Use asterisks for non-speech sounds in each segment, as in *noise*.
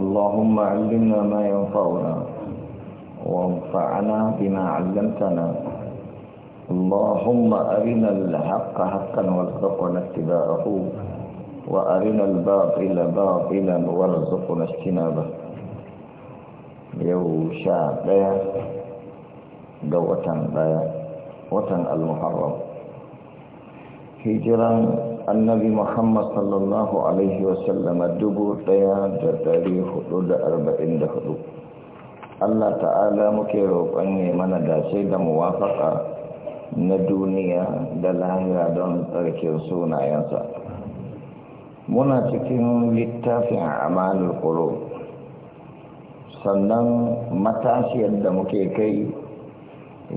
اللهم علمنا ما ينفعنا وانفعنا بما علمتنا اللهم أرنا الحق حقا وارزقنا اتباعه وأرنا الباطل باطلا وارزقنا اجتنابه يو شاء ga watan daya watan al-muharram annabi muhammad sallallahu alaihi wasallama dubu daya da dari hudu da arba'in da hudu allah ta'ala muke roƙon ne mana dace da muwafaka na duniya da lahira don tsarkin sunayensa muna cikin littafin amalul qulub sannan matashiyar da muke kai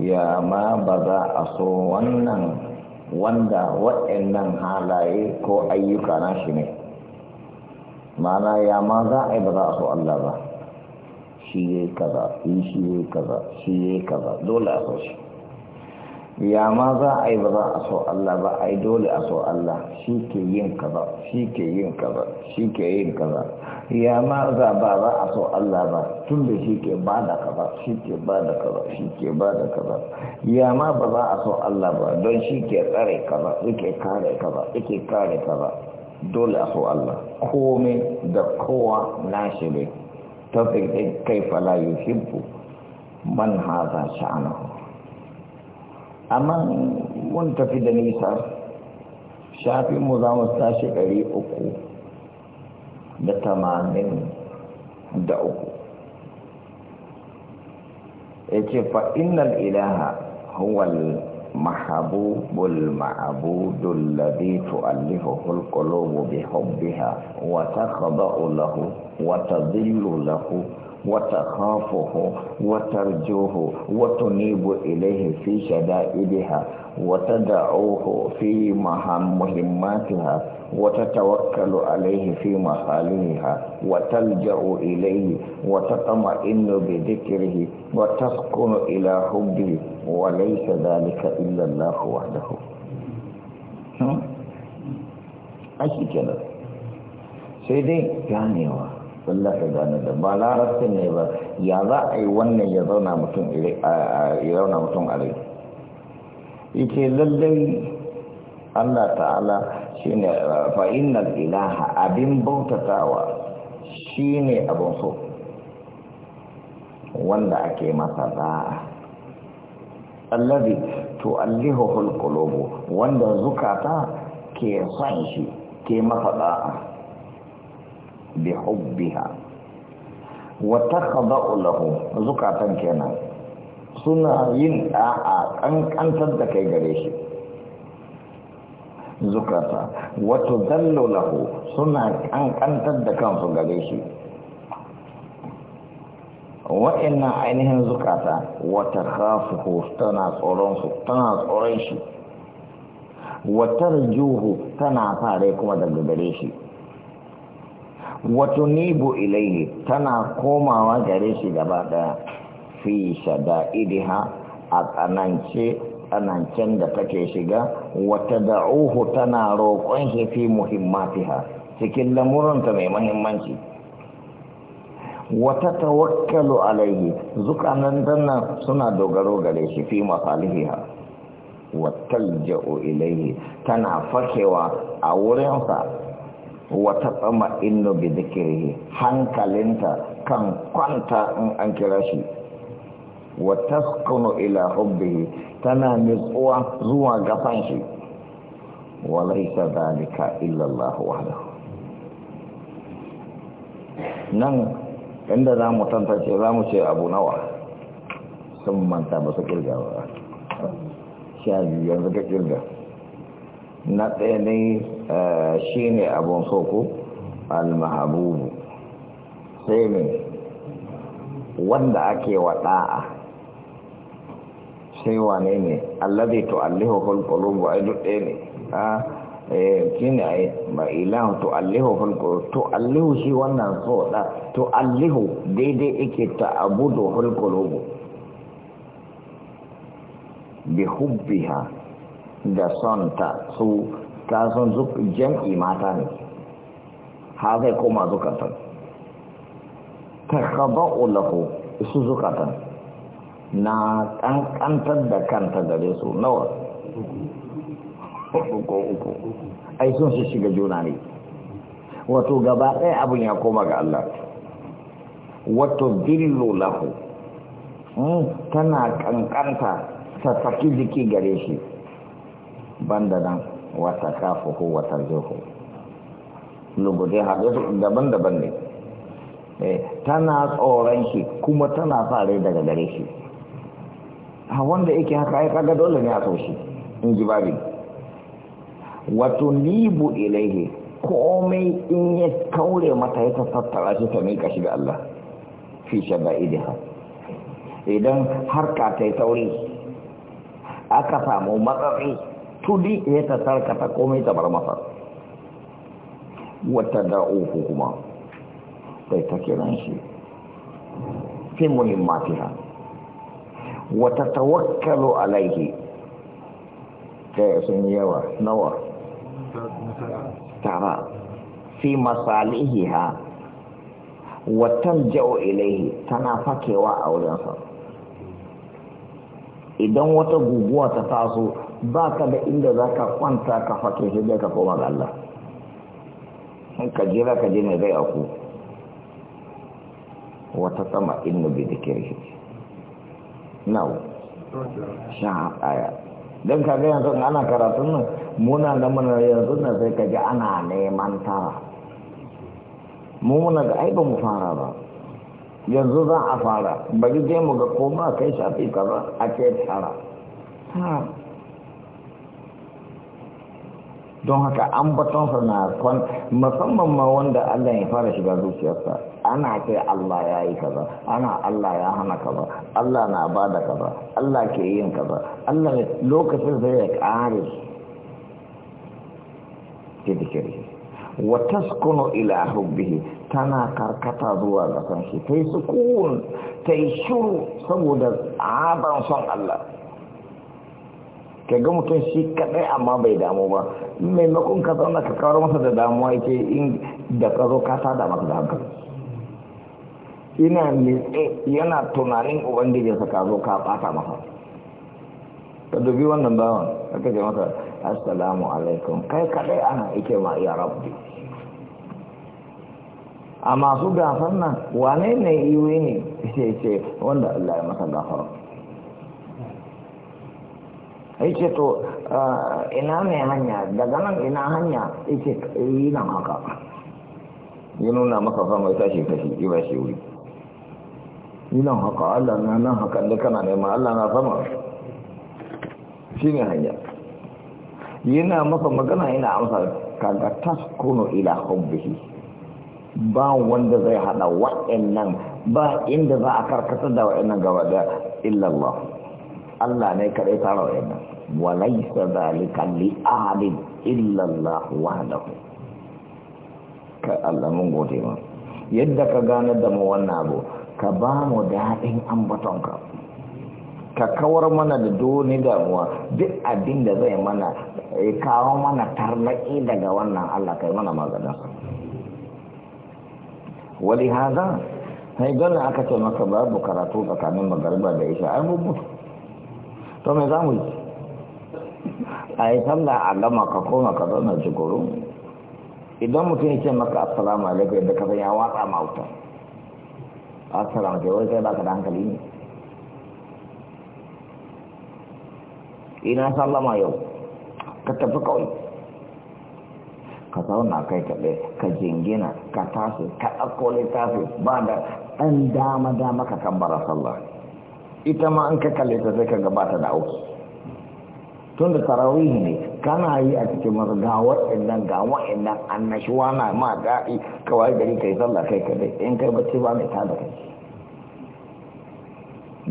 ya ma ba za a so wannan wanda waɗannan halaye ko ayyuka na shi ne mana ya ma za a yi ba za a so Allah ba shi yi kaza shi yi kaza shi yi kaza dole a so shi ya ma za a yi ba za a so Allah ba a yi dole a so Allah shi ke yin kaza shi ke yin kaza shi ke yin kaza ya ma za ba za a so Allah ba tun da shi ke ba da kaza shi ke ba da kaza shi ke ba da kaza ya ma ba za a so Allah ba don shi ke tsare kaza yake kare kaza yake kare kaza dole a so Allah komai da kowa na shi ne tafi kai fala yuhibbu man haza sha'anahu amma mun tafi da nisa shafin mu za mu tashi ɗari uku da tamanin da uku ya ce fa'inan ilaha huwal mahabubul ma'abudul ladhi tu'allifuhu al-qulubu bi hubbiha wa taqda'u lahu wa tadhillu lahu وتخافه وترجوه وتنيب إليه في شدائدها وتدعوه في مهماتها وتتوكل عليه في مصالحها وتلجأ إليه وتطمئن بذكره وتسكن إلى حبه وليس ذلك إلا الله وحده أشي كذا سيدي يعني واحد ta gane da ba larabcin ne ba ya za a yi wannan ya zauna mutum ya a rai yake lallai Allah ta'ala shi ne fa'inar ilaha abin bautatawa shi ne abin so wanda ake masa za'a allazi tu'allihu qulubu wanda zukata ke son shi ke masa بحبها وتخضع له زكاة kenan, suna yin da'a kankantar da kai gare shi zukata wato zallo lahu suna kankantar da kansu gare shi wa'annan ainihin zukata wata khafuhu tana tsoron su tana tsoron shi watar juhu tana fare kuma daga gare shi wato nibu ilaihi tana komawa gare shi gaba daya fi shada'idiha a tsanance tsanancen da take shiga wata uhu tana roƙon shi fi muhimmatiha cikin lamuranta mai muhimmanci wata tawakkalu alaihi zukanan danna suna dogaro gare shi fi masalihiha wata ilaihi tana fakewa a wurinsa wata tsama inu bi zikirihi hankalinta kan kwanta in an kira shi wa kuno ila hubbihi tana nutsuwa zuwa gafan shi wa laysa dhalika illa Allah nan inda za mu tantance za mu ce abu nawa sun manta ba su kirga ba sha biyu yanzu ka kirga na ɗaya ne eh, shi ne abin soko almahabubu sai ne wanda ake wa ɗa'a sai wane ne allazi tu'allihu fil qulub ai a ɗaya ne a eh, shi ne ai ba to tu'allihu fil to tu'allihu shi wannan so da tu'allihu daidai yake ta'abudu fil qulub bi hubbiha da son ta su ta son jam'i mata ne ha zai koma zukatan ta kaba ulahu su zukatan na ƙanƙantar da kanta gare su nawa uku uku ai sun su shiga juna ne wato gaba ɗaya abin ya koma ga Allah wato dillo lahu hmm, tana ƙanƙanta ta saki jiki gare shi banda nan wata kafuhu wata zuhu lugudai haɗe daban-daban ne eh, tana tsoron shi kuma tana fare daga gare shi a wanda yake haka ya kaga dole ne a so shi in ji babi wato nibu komai in ya kaure mata ya tattara shi ta mika shi ga Allah fi shaba'idiha idan harka ta yi tauri aka samu matsatsi tudi ya ta sarkata komai ta bar masa wata da'o kuma sai ta kiran shi fi muhimmatiha wata tawakkalu alaihi kai sun yawa nawa tara fi ha. watan jau ilaihi tana fakewa a wurinsa idan wata guguwa ta taso ba ka da inda za ka kwanta ka fake shi dai ka koma ga Allah in ka jira ka je ne zai aku wata sama inda bai dake shi nau sha aya don ka ga yanzu ana karatun nan muna da mana yanzu na sai ka ji ana neman tara mu muna ga aiba mu fara ba yanzu za a fara bari je mu ga koma kai shafi kaza a ce tara don haka an batonsa na kwan musamman ma wanda Allah ya fara shiga zuciyarsa ana ce Allah ya yi kaza ana Allah ya hana kaza Allah na bada kaza Allah ke yin kaza Allah lokacin sai ya kare dikiri wa taskunu ila hubbihi tana karkata zuwa ga ta shi tai sukun tai shuru saboda ban son Allah ka ga mutum shi kaɗai amma bai damu ba maimakon ka zauna ka kawar masa da damuwa yake in da ka zo ka sada masa da hankali ina nitse yana tunanin ubangijinsa ka zo ka bata masa ka dubi wannan bawan aka ce masa assalamu alaikum kai kaɗai ana ike ma iya rabbi a masu gasar nan wane ne iwe ne ce ce wanda Allah ya masa gafara yace to ah, ina mai hanya daga nan ina hanya yace yi nan haka yi nuna maka fama ita shi kashi yi ba shi wuri yi nan haka Allah na nan haka da kana nema Allah na sama shi ne hanya yana maka magana yana amsa kaga kuno ila hubbihi ba wanda zai hada wa'annan ba inda za a karkatar da wa'annan gaba da illallah Allah ne kare tara wa'annan وليس ذلك لأعد إلا الله وحده كالله من قوتي ما يدك غانا دمو ونابو كبامو دائن أمبطنك كاور من الدون دموا دي أدين دزي من كاو من ترمئي دغا ونا الله كي من مغدا ولهذا هاي قلنا أكتو مكباب وكراتو فكامين مغربا بإشاء المبوت تومي زاموي a yi sallah a gama ka koma ka zauna jikuru idan mutum ya ce maka assalamu alaikum da kasan ya watsa ma wuta assalamu alaikum wai kai baka da hankali ne ina sallama yau ka tafi kawai ka zauna kai kaɗai ka jingina ka tashi ka ɗauko littafi ba da ɗan dama dama ka kambara sallah ita ma an ka kalle ta sai ka gabata da auki tun da tarawihi ne kana yi a cikin masu idan wa'annan ga annashuwa na ma daɗi kawai gari kai sallah kai kadai in kai bacci ba mai tada kai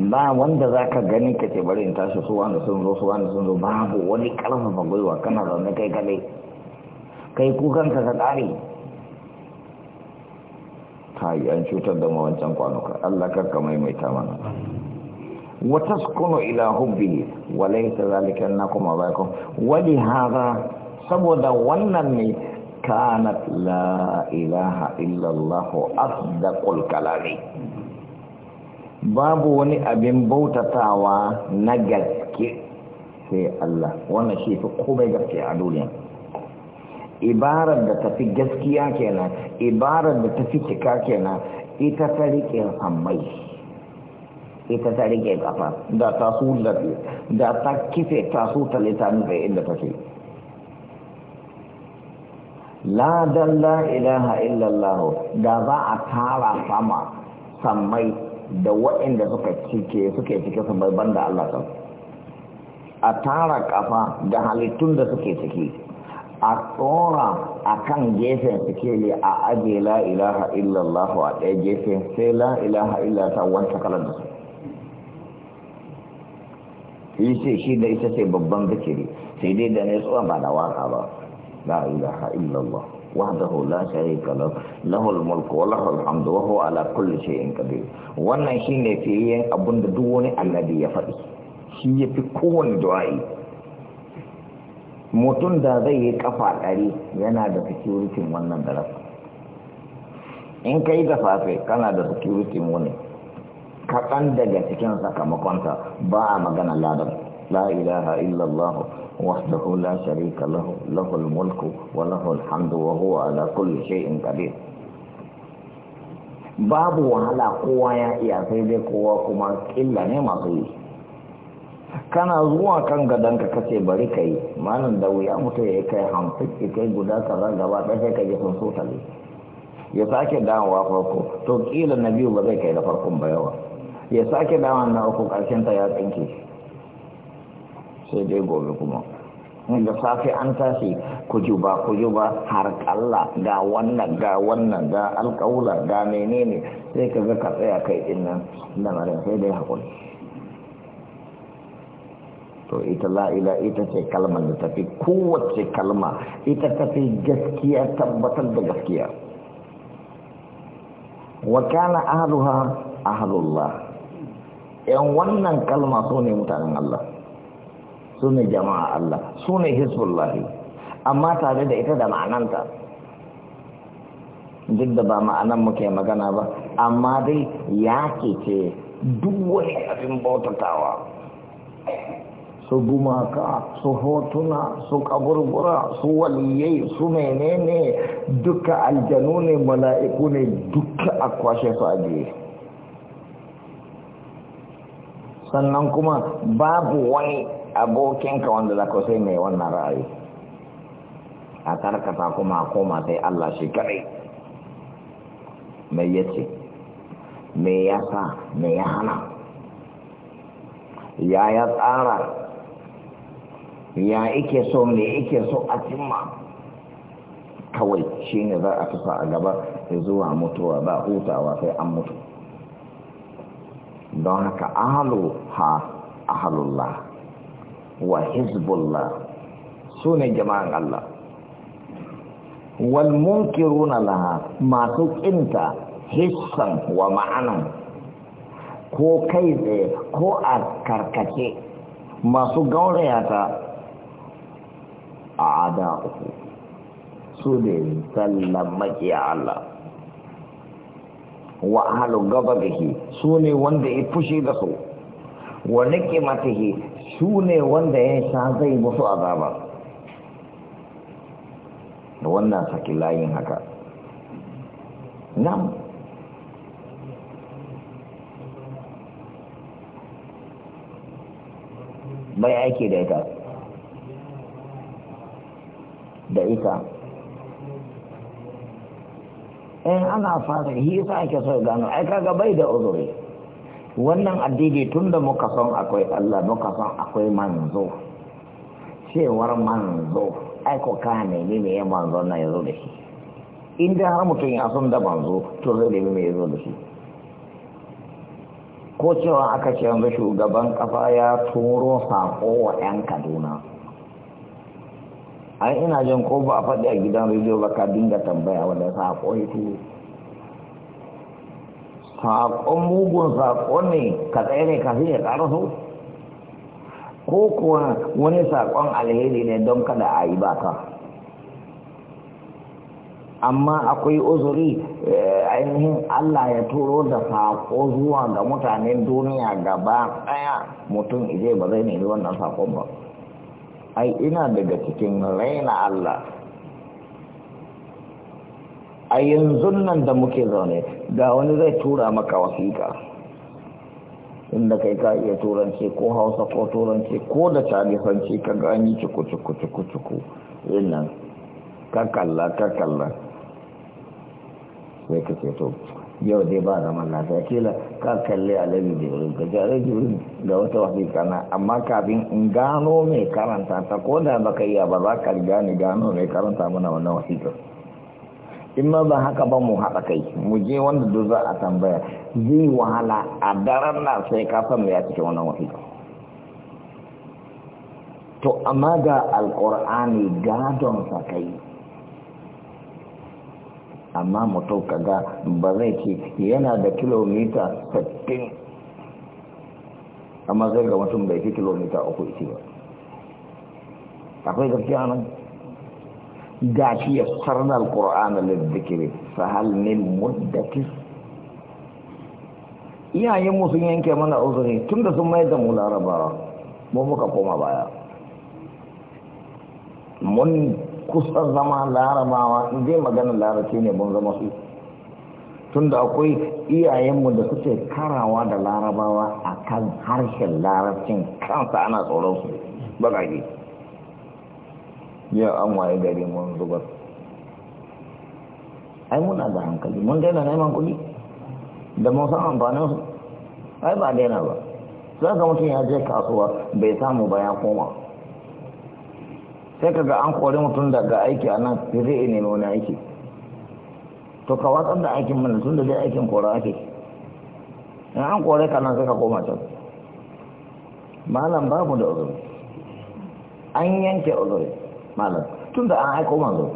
ba wanda za ka gani ka ce bari in tashi su wani sun zo su wani sun zo babu wani ƙarfafa gwiwa kana zaune kai kadai kai kukanka ka ƙare ta yi an cutar da mawancan kwanuka allah karka maimaita mana watasqulu ila hubbi walaysa zalika annakum abaykum wali hadha saboda wannan ne kanat la ilaha illa allah asdaqul kalami babu wani abin bautatawa na gaske sai Allah wannan shi fi komai gaske a duniya ibarar da tafi gaskiya kenan ibarar da tafi cika kenan ita ta rike hamai. ita ta rike kafa da ta su lafi da ta kife ta su ta da inda take la dan la ilaha allah da za a tara sama sammai da waɗanda suka cike suke cike sammai banda Allah ta a tara kafa da halittun da suke ciki a tsora a kan gefen ne a aje la ilaha illallah a ɗaya gefen sai la ilaha ta wanta kalar da su shi ce shi da ita ce babban zikiri sai dai da ne tsuwa ba da waka ba la ilaha illallah wahdahu la sharika lahu lahul mulku wa lahul hamdu wa huwa ala kulli shay'in qadir wannan shine fiye abin da duk wani annabi ya faɗi shi ya fi kowane du'a'i mutum da zai yi kafa ɗari yana da security wannan da in kai da safe kana da security wani kaɗan daga cikin sakamakonta ba a magana ladan la ilaha illallah wahdahu la sharika lahu lahul mulku wa lahul hamdu wa huwa ala kulli shay'in qadir babu wahala kowa ya iya sai dai kowa kuma killa ne masu yi kana zuwa kan gadonka kace bari kai malam da wuya mutu ya kai hamsin ya kai guda kaza gaba ɗaya sai ka ji sun so ya sake dawowa farko to kila na biyu ba zai kai da farkon ba yawa ya sake dawa na uku ƙarshen ta ya tsinke sai dai gobe kuma da safe an tashi kujuba kujuba har kalla ga wannan ga wannan ga alƙawula ga menene sai ka ga ka tsaya kai din nan lamarin sai dai hakuri to ita la'ila ita ce kalmar da tafi kowace kalma ita tafi gaskiya tabbatar da gaskiya wa kana ahluha ahlullah yan wannan kalma su ne mutanen Allah su ne jama'a Allah su ne hisbullahi amma tare da ita da ma'ananta duk da ba ma'anan muke magana ba amma dai ya ce duk wani abin bautatawa su gumaka su hotuna su kaburbura su waliyai su menene duka aljanu ne mala'iku ne duka a kwashe su a ajiye sannan kuma babu wani abokinka wanda za ka sai mai wannan ra'ayi a karkata kuma koma sai Allah shi kadai mai yace me ya sa me ya hana ya ya tsara ya ike so me ike so a cimma kawai shi ne za a tufa a gaba zuwa mutuwa ba hutawa sai an mutu don haka ahalu ha ahalullah wa hizbullah su ne jama'an Allah wal munkiruna laha masu kinta hissan wa ma'anan ko kai tsaye ko a karkace masu gauraya ta a ada uku su ne zallan makiya Allah wa ahlu ghadabihi sune wanda ya fushi da su wa nikmatihi sune wanda ya sha zai musu azaba da wannan saki layin haka nan bai aiki da ita da ita in ana fara hisa ake so gano ai kaga bai da uzuri wannan addini tunda muka san akwai Allah muka san akwai manzo cewar manzo ai ko ka ne ne ne manzo na yazo da shi inda har mutum ya san da manzo to zai nemi mai yazo da shi ko cewa aka ce yanzu shugaban kafa ya turo sako wa 'yan kaduna ai ina jin ko ba a faɗi a gidan rediyo ba ka dinga tambaya wanda saƙo yake saƙon mugun saƙon ne ka tsaye ne ka ya ƙara so ko kuwa wani saƙon alheri ne don kada a yi baka amma akwai uzuri eh, ainihin Allah ya turo da saƙo zuwa ga mutanen duniya gaba ɗaya mutum ije ba zai nemi wannan saƙon ba ai ina daga cikin raina Allah a yanzu nan da muke zaune ga wani zai tura maka wasiƙa inda kai ka iya turanci ko hausa ko turanci ko da talifanci ka gani cuku cuku cuku cuku yin ka kalla ka sai ka ce to yau dai ba zaman lafiya kila ka kalli alaji jibrin ka ji ga wata wasiƙa na amma kafin in gano mai karanta ta ko da baka iya ba za ka gane gano mai karanta mana wannan wasiƙa in ma ba haka ba mu haɗa kai mu je wanda duk za a tambaya zai wahala a daren na sai ka san ya cikin wannan ta to amma ga alƙur'ani gadon sa kai amma mutum kaga ba zai ce yana da kilomita 60 amma zai ga mutum bai fi kilomita uku ba akwai gaskiya nan ga shi ya sarnar ƙura'ana lardikiri sahal min muddakis iyayenmu sun yanke mana uzuri tun da sun mai da mu larabawa mu muka koma baya mun kusan zama larabawa in dai magana larabci ne mun zama su tunda akwai iyayenmu da suke karawa da larabawa a kan harshen larabcin kansa ana tsoron su bagage yau an waye gari mun zubar ai muna da hankali mun daina neman kuɗi da mun san amfanin su ai ba daina ba za ka mutum ya je kasuwa bai samu ba ya koma sai kaga an kori mutum daga aiki a nan sai zai nemi wani aiki to ka watsar da aikin mana tun da dai aikin kora ake in an kore ka nan sai ka koma can malam babu da uzuri an yanke uzuri malam tun da an aiko manzo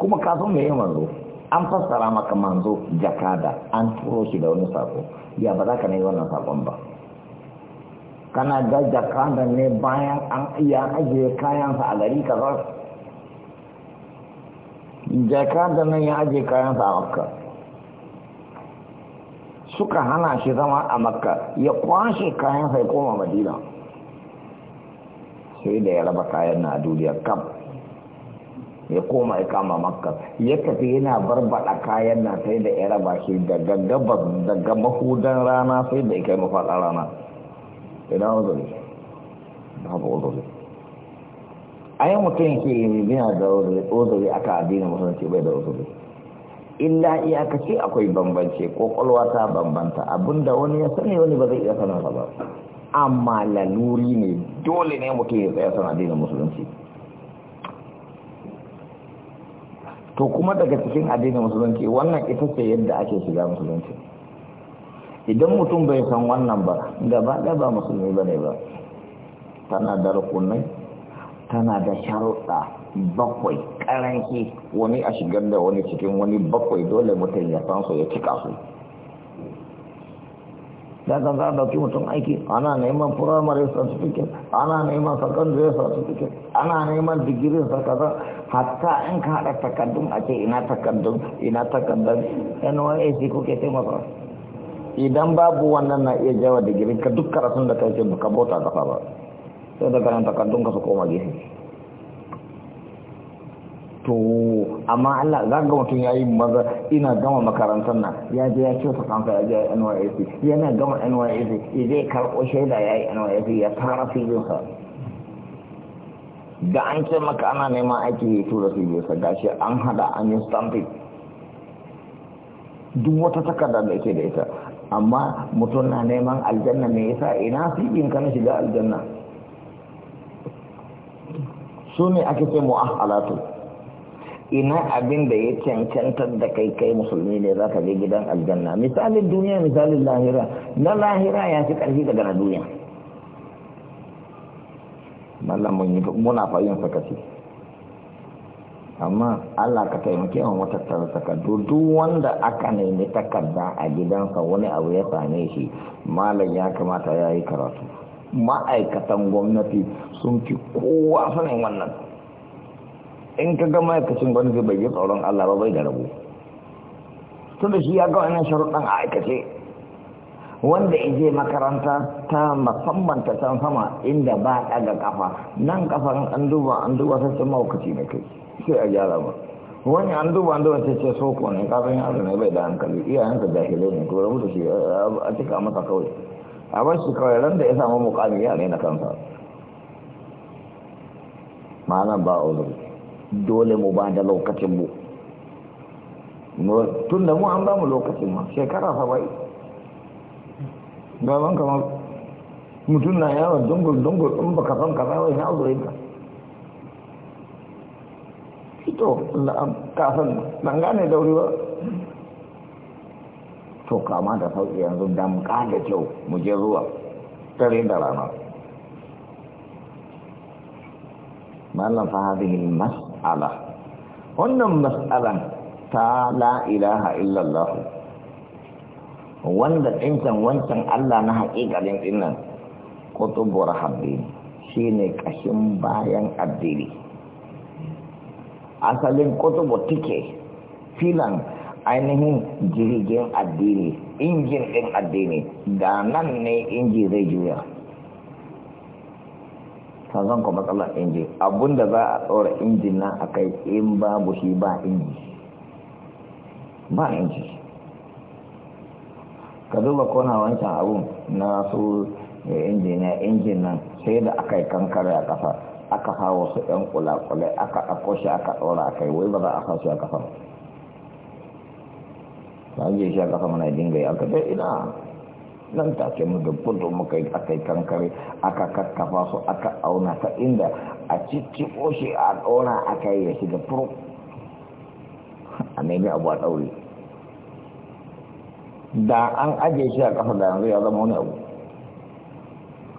kuma kafin mai yi manzo an fassara maka manzo jakada an turo shi da wani sako ya ba za ka na yi wannan sakon ba kana da jakanda ne bayan an iya ajiye kayansa a gari kaza jakanda nan ya ajiye kayansa a makka suka hana shi zama a makka ya kwashe kayansa ya koma madina sai da ya raba kayan na duniya kam ya koma ya kama makka ya tafi yana barbada kayan na sai da ya raba shi daga gabas daga mahudan rana sai da ya kai mafaɗa rana ina uzuri babu a yi mutum ke yana da ne aka addinin musulunci bai da ne illa ce akwai bambance kwalwa ta bambanta abinda wani ya sani wani ba zai iya sanar ba amma laluri ne dole ne mutum ya tsaya sanar addinin musulunci to kuma daga cikin addinin musulunci wannan ita ce yadda ake shiga musulunci idan mutum bai san wannan ba gaba ɗaya ba musulmi ba ne ba tana da rukunai tana da sharuɗa bakwai ƙaranci wani a shigar da wani cikin wani bakwai dole mutum ya san su ya cika su da kan za a dauki mutum aiki ana neman primary certificate ana neman secondary certificate ana neman digirin sa kaza hatta in ka haɗa takardun a ce ina takardun ina takardun nysc kuke taimaka idan babu wannan na iya jawa girin ka duk karatun da kai ce ka bauta kafa ba sai da nan takardun ka su koma gefe to amma Allah za ga mutum yayi maza ina gama makarantar nan ya je ya kyauta ka ya je NYSC yana gama NYSC ya je karɓo shaida ya yi NYSC ya tara filinsa da an ce maka ana neman aiki ya tura sa gashi an hada an yi stamping duk wata takarda da yake da ita amma mutum na neman aljanna me yasa ina fiƙin kana shiga aljanna su ne ake ce mu'ahalatu ina abin da ya cancantar da kai kai musulmi ne za ka je gidan aljanna misalin duniya misalin lahira na lahira ya fi ƙarfi daga na duniya mallam muna fayin sakasi. amma Allah ka taimake wa matattara takardu duk wanda aka nemi takarda a gidansa wani abu ya same shi malam ya kamata ya yi karatu ma'aikatan gwamnati sun fi kowa sanin wannan in ka ga ma'aikacin gwamnati bai yi tsoron Allah ba bai da rabu tunda shi ya ga wannan sharuɗan a aikace wanda ije makaranta ta musamman ta can sama inda ba ɗaga kafa nan kafan an duba an duba ta ce maukaci da kai sai a gyara ba wani an duba an duba ta ce ko ne kafin yaro azumi bai da hankali iyayensa jahilai ne to rabu da shi a cika masa kawai a bar shi kawai ran da ya samu mukami ya ne na kansa ma'ana ba uzuri dole mu ba da lokacin mu tun da mu an ba mu lokacin ma shekara saba'i Gaban kamar mutum na yawon dungul-dungul in baka san kaza wai na azurin ka ito kasan ban gane dauri ba to kama da sauƙi yanzu damka da kyau mu je zuwa tare da rana malam fa hadhihi mas'ala wannan mas'alan ta la'ilaha ilaha illallah wanda ɗincan wancan Allah na haƙiƙarin ɗinnan kutubu rahabbin shi ne ƙashin bayan addini asalin kutubu tike filan ainihin jirgin addini injin ɗin addini da nan ne inji zai juya sanzan kuma matsalar inji abinda za a tsora injin nan a kai in babu shi ba inji ba inji ka duba kona wancan abun na su eh, injiniya injin nan sai da aka yi kankare a ƙasa aka sa su ɗan kula-kulai aka ɗauko shi aka ɗora a kai wai ba za a sa shi a ƙasa ba a shi a ƙasa mana dinga yi aka dai ina nan take mu da gudu muka yi aka yi kankare aka kakkafa su aka auna ta inda a cikin shi a ɗora a kai ya shiga furu *laughs* a nemi abu a ɗaure da an ajiye shi a kafa da yanzu ya zama wani abu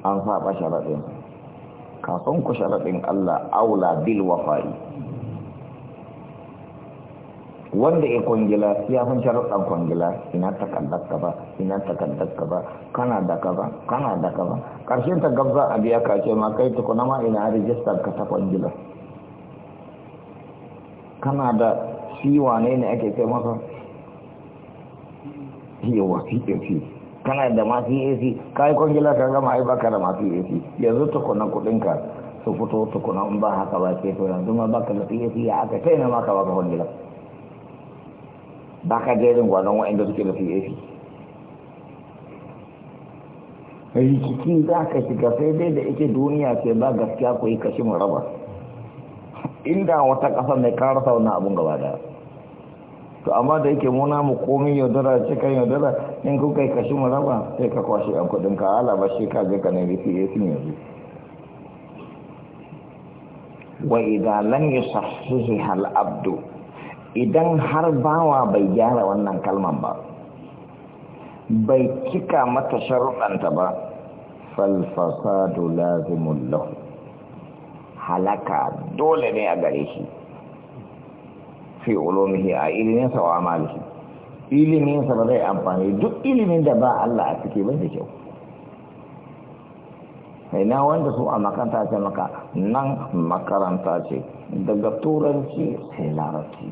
an saba sharaɗin kafin ku sharaɗin Allah aula bil wafari wanda ya kwangila ya fi sharaɗin kwangila ina takardar ka ba ina takardar ka ba kana da ka ba kana da ka ba ƙarshen ta gabza a biya kace ma kai na ma ina rijistar ka ta kwangila kana da siwa ne ne ake kai masa yawa pap kana da masu ac yi kwangila ka gama ai baka da masu ac yanzu tukunan kudinka su fito tukunan in ba haka ba ke to yanzu ma baka da ac ya aka kai na maka baka kwangila ba ka jerin gwanon wa'anda suke da pap rikici za ka shiga sai dai da ita duniya ce ba gaskiya ku yi kashin raba inda wata ƙasa mai karasa wani abun gaba daya to amma da yake muna mu komi yaudara ce kan yaudara in ku kai kashi mu raba sai ka kwashe yan kudin ka ala ba shi ka je ka ya sun yanzu wa idan yi yusahihi hal abdu idan har bawa bai gyara wannan kalman ba bai cika mata sharuɗanta ba falfasadu lazimun lahu halaka dole ne a gare shi fi ulumihi a ilimin sa wa malihi ilimin sa ba zai amfani duk ilimin da ba Allah a cike ba da kyau sai na wanda su a makaranta ce maka nan makaranta ce daga turanci sai larabci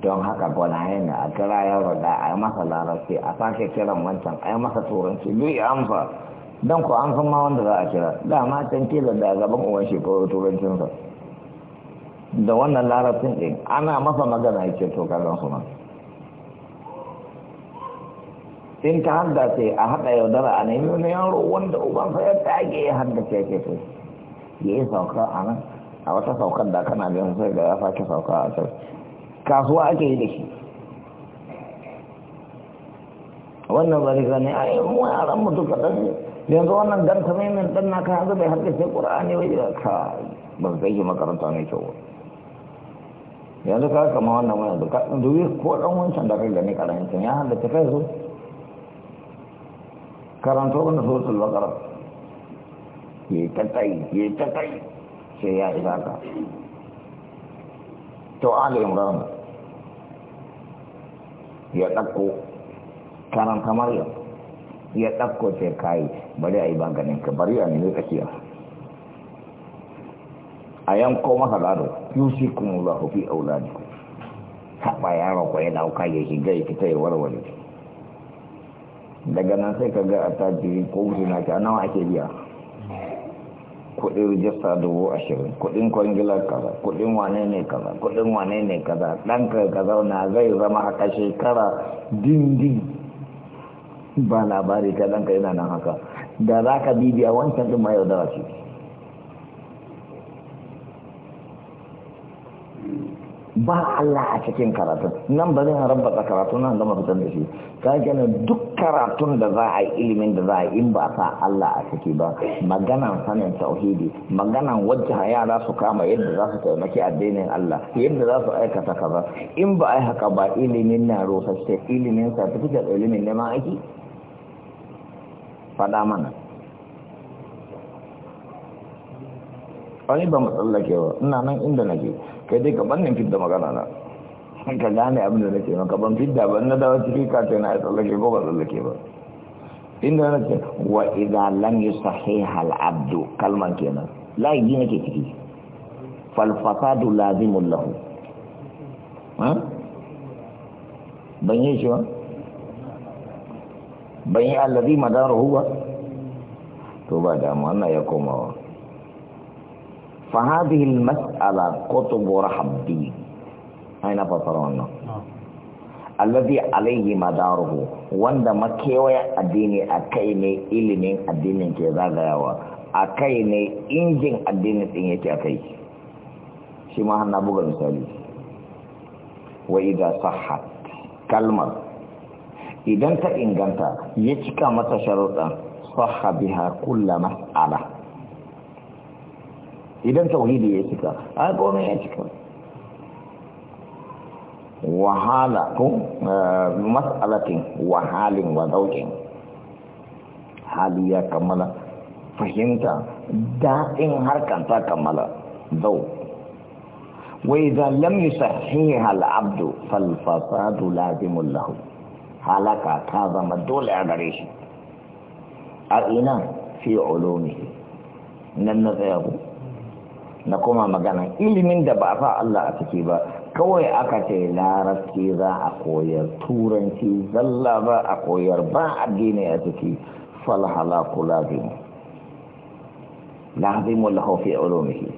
don haka gwanaye ne a kira yaro da a yi masa larabci a sake kiran wancan a yi masa turanci duk ya amsa don ku an san ma wanda za a kira dama can kila da gaban uwan shekaru ko turancinsa da wannan larabcin ɗin ana masa magana ya ce to kallon su nan in ta ce a hada yaudara a nemi wani yaro wanda ubansa ya tage ya haddace ya ce to ya yi sauka a nan a wata saukar da kana biyan sai da ya sake sauka a can kasuwa ake yi da shi wannan bari gane a yi mu yaran mu duka ɗan yanzu wannan dan tamimin ɗan na kan yanzu bai haddace ƙura'ani wai da ka ban zai yi makaranta mai kyau yanzu ka kama wannan wani da kaɗin dubi ko ɗan wancan da kai gani karancin ya hada ta kai su wanda wani sosul bakara ya yi tattai ya yi tattai sai ya isa ka to ali imran ya ɗakko karanta maryam ya ɗakko ce kayi bari a yi banganin ka bari a nemi tsakiya a yanko maka gano yusi kuma za ku fi auladi taɓa yaron ku yana wuka ya shiga ya fita ya warware daga nan sai ka ga a tajiri ko na ta nawa ake biya kuɗin rijista dubu ashirin kuɗin kwangilar kaza kuɗin wane ne kaza kuɗin wane ne kaza ɗanka ka zauna zai zama haka shekara dindin ba labari ka ɗanka yana nan haka da za ka bibiya wancan ɗin ma yaudara ce ba Allah a cikin karatun nan ba zai da karatun nan da mafitan da shi ka gani duk karatun da za a yi ilimin da za a yi in ba sa Allah a ciki ba maganan sanin tauhidi maganan wajja yara su kama yadda za su taimaki addinin Allah yadda za su aikata kaza in ba a yi haka ba ilimin na rusasshe ilimin certificate ilimin neman aiki faɗa mana wani ba mu ke ba ina nan inda nake kai dai ka bannin fidda magana na *laughs* ka gane abin da nake maka ban fidda ban na dawo cikin kace na tsallake ko ba tsallake ba inda na ce wa idza lam yusahiha al abdu kalman kenan la yi nake ciki fal fasadu lazimul lahu ha ban yi shi ba ban yi alladhi madaruhu ba to ba damu wannan ya komawa فهذه المسألة قطب رحبي أين فطرنا الذي عليه مداره وند مكيوي الديني أكيني إلمين الديني كذا أكيني إنجين الديني إنجي أكي شما هنبوغ مثالي وإذا صحت كلمة إذا أنت إنجنت يتكى متشرطا صح بها كل مسألة idan tauhidi ya cika ai komai ya cika wahala ko eh, mas'alatin wahalin wa hali ya kammala fahimta daɗin harkar ta kammala zau wai za lam sahiha al'abdu falfasadu lazimun halaka ta zama dole a gare shi a ina fi olomi nan na tsaye na koma magana ilimin da ba a fa Allah a ciki ba kawai aka ce larabci za a koyar turanci zalla ba a koyar ba addini a ciki falhala kulazimu lazimu lahofi a ulumihi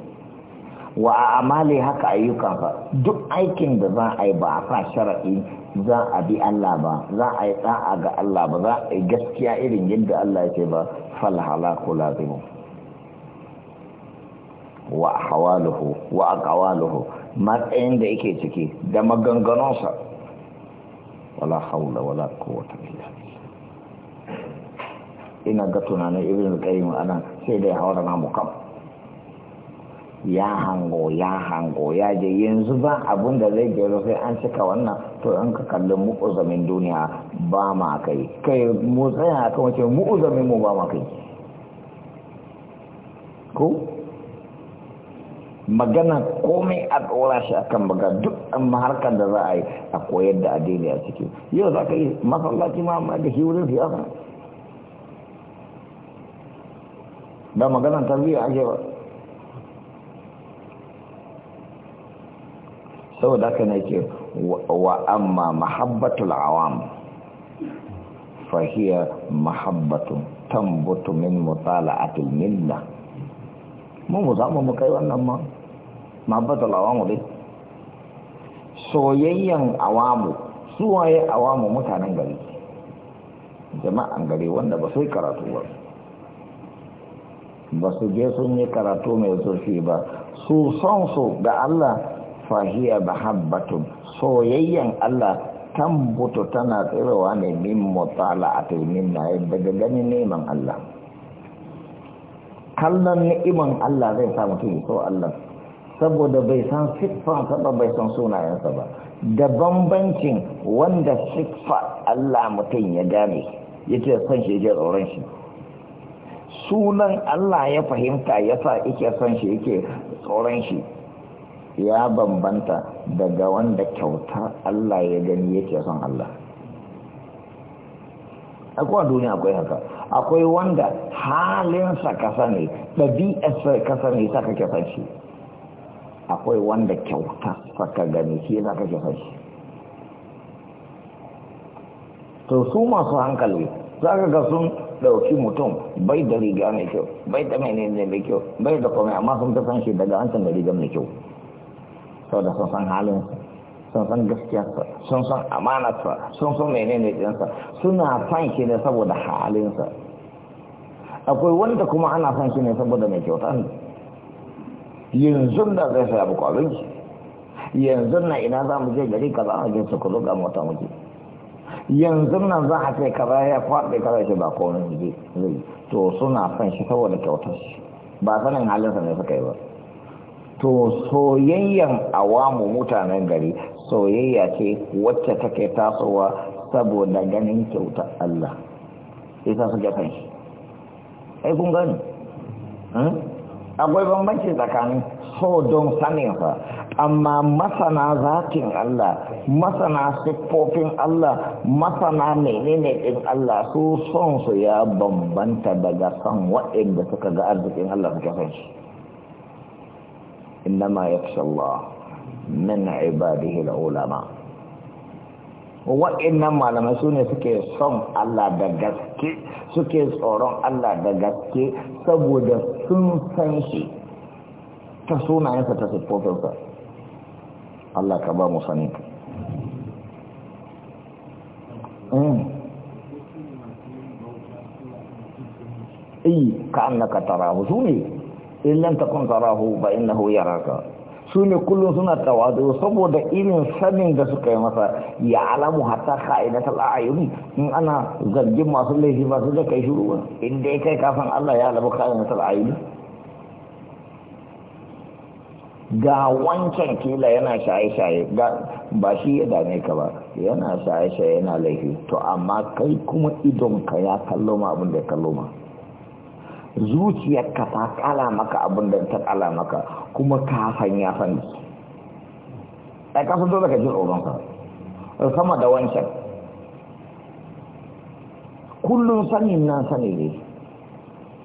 wa a amali haka ayyuka fa duk aikin da za a yi ba a fa shara'i za a bi Allah ba za a yi da'a ga Allah ba za a yi gaskiya irin yadda Allah ya ce ba falhala lazimu wa hawaluhu wa aqwaluhu matsayin da yake ciki da maganganunsa wala haula wala quwwata illa ina ga tunanin irin al ana sai dai haura na mukam ya hango ya hango ya je yanzu ba abin da zai gero sai an cika wannan to an ka kalli mu'uzamin duniya ba ma kai kai mu tsaya kan wace mu'uzamin mu ba ma kai ko magana komai a ɗora shi akan baga duk amma harkar da za a yi a koyar da addini a ciki yau za ka yi masallaci ma amma da shi wurin siyasa ba ta biyu ake ba saboda haka ne ke wa amma mahabbatul awam fahiyar mahabbatun tambutu min a milla mu mu za mu kai wannan ma mabbatul awamu dai soyayyan awamu suwaye awamu mutanen gari jama'an gari wanda ba su yi karatu ba ba su je sun yi karatu mai zurfi ba su son su ga Allah fahiya habbatun soyayyan Allah buto tana tsirowa ne min mutala a min na daga ganin neman Allah kallon ni'iman Allah zai sa mutum so Allah saboda bai san ta ba bai san sunayensa ba da bambancin wanda siffa Allah mutum ya gane yake son shi yake tsoron shi sunan Allah ya fahimta ya sa yake son shi yake tsoron shi ya bambanta daga wanda kyauta Allah ya gani yake son Allah akwai duniya akwai haka akwai wanda halinsa ka sani ɗabi'arsa ka sani sa kake son shi akwai wanda kyauta saka gani shi za ka shi fashi to su masu hankali za ka ga sun ɗauki mutum bai da riga mai kyau bai da mai ne mai kyau bai da kome amma sun ta san shi daga an da riga mai kyau sau da sun san halin sun san gaskiyarsa sun san amanarsa sun san menene jinsa suna san shi ne saboda halinsa akwai wanda kuma ana san shi ne saboda mai kyauta ne yanzu da zai saya muku abinci yanzu na ina za mu je gari kaza a je su kudu ga mota muke yanzu nan za a kai kaza ya kwaɗe kaza shi ba kowane muje zai to suna son shi saboda kyautar shi ba sanin halinsa ne suka yi ba to soyayyan awamu mutanen gari soyayya ce wacce take tasowa saboda ganin kyauta Allah ita sa ga kan shi ai kun gani hmm? akwai bambanci tsakanin so don saninsa amma masana zakin Allah masana siffofin Allah masana menene ɗin Allah su son su ya bambanta daga son waɗanda suka ga arzikin Allah su kafin shi innama yakhsha Allah min ibadihi da ulama wa'annan malamai su ne suke son Allah da gaske suke tsoron Allah da gaske saboda sun san shi ta sunayensa ta siffofinsa Allah ka ba mu sani hmm. ka annaka tarahu su ne illan takun tarahu ba yara ka su ne kullum suna tawadu saboda irin sanin da suka yi masa ya alamu hatta ka'idata al'ayuni in ana zargin masu laifi ba su da kai shuru ba inda ya kai kafin Allah ya alamu ka'idata al'ayuni ga wancan kila yana shaye-shaye ba shi ya dame ka ba yana shaye-shaye yana laifi to amma kai kuma idon ka ya kallo ma abin da ya kallo ma zuciyarka ta kala maka abin da ta kala maka kuma ka san ya sani ai ka san dole ka ji sama da wancan kullum sanin nan sani ne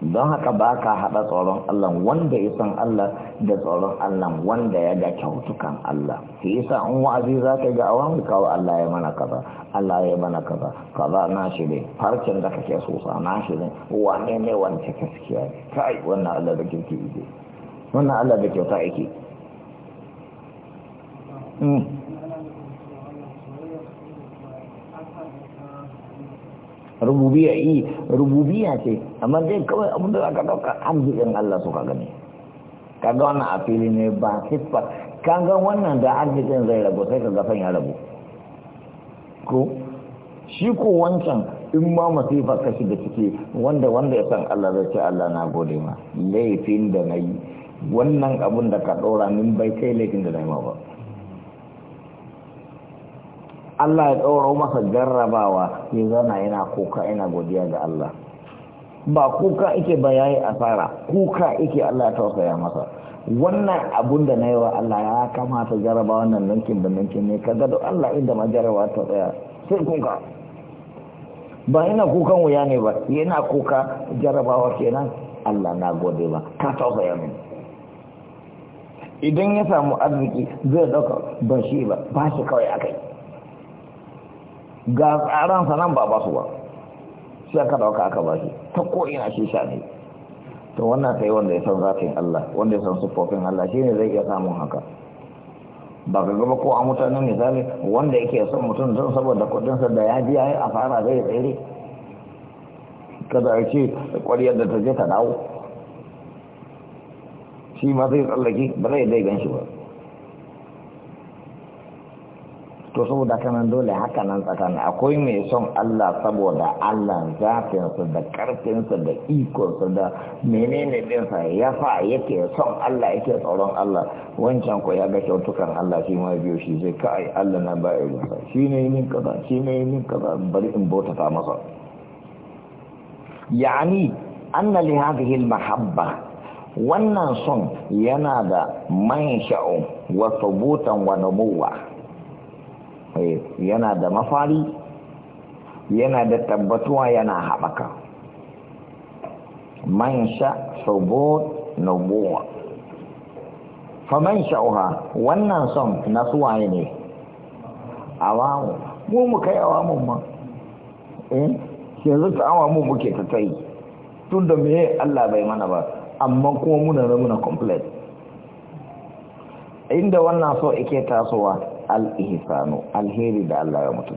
don haka ba ka haɗa tsoron Allah wanda ya san Allah da tsoron Allah wanda ya ga kyautukan Allah shi sa in wa'azi za ka ga awan kawo Allah ya mana kaza Allah ya mana kaza kaza na shi ne farcen da kake so sa na shi ne wa ne wance gaskiya ne kai wannan Allah da kirki yake wannan Allah da kyauta yake hmm. rububiyya yi eh, rububiyya ce amma dai kawai abin da aka ɗauka arzikin Allah suka gani kaga wannan a fili ne ba siffa kaga wannan da arzikin zai rabu sai kaga son ya rabu ko shi ko wancan in ma masifa ka da ciki wanda wanda ya san Allah zai ce Allah na gode ma laifin da na yi wannan abun da ka ɗora min bai kai laifin da na yi ma ba Allah ya ɗauro masa jarrabawa ya zana yana kuka yana godiya ga Allah ba kuka ike ba yayi asara kuka ike Allah ya tausaya masa wannan abun da na yi wa Allah ya kamata jaraba wannan ninkin da ninkin ne ka gado Allah inda ma jarraba ta tsaya sai kuka ba ina kukan wuya ne ba yana kuka jarrabawa kenan Allah na gode ba ka tausaya mini idan ya samu arziki zai dauka ba shi ba ba shi kawai akai ga tsaransa sanan ba ba su ba shi aka dauka aka ba shi ta ko ina shi sha ne to wannan sai wanda ya san zatin Allah wanda ya san sufofin Allah shi ne zai iya samun haka ba ka gaba ko a mutanen misali wanda yake son mutum don saboda kudinsa da ya ji yayi a fara zai tsere kada a ce ƙwariyar da ta je ta dawo shi ma zai tsallake ba zai dai gan shi ba to saboda kanan dole haka nan tsakanin akwai mai son Allah saboda Allah zafinsa da karfinsa da ikonsa da menene dinsa ya fa yake son Allah yake tsoron Allah wancan ko ya ga kyautukan Allah shi ma biyo shi zai kai Allah na ba'i shi ne min kaza shi ne min kaza bari in bauta ta masa yani anna li hadhihi al mahabba wannan son yana da mansha'un wa thubutan wa numuwa Eh, yana da mafari yana da tabbatuwa yana haɓaka man sha subut nubuwa faman sha'uha wannan son na suwaye ne awamu mu mu kai awamun ma eh yanzu ta awamu muke ta tai tun da me Allah bai mana ba amma kuma muna na muna complete inda wannan so ike tasowa al alheri da Allah ya mutu.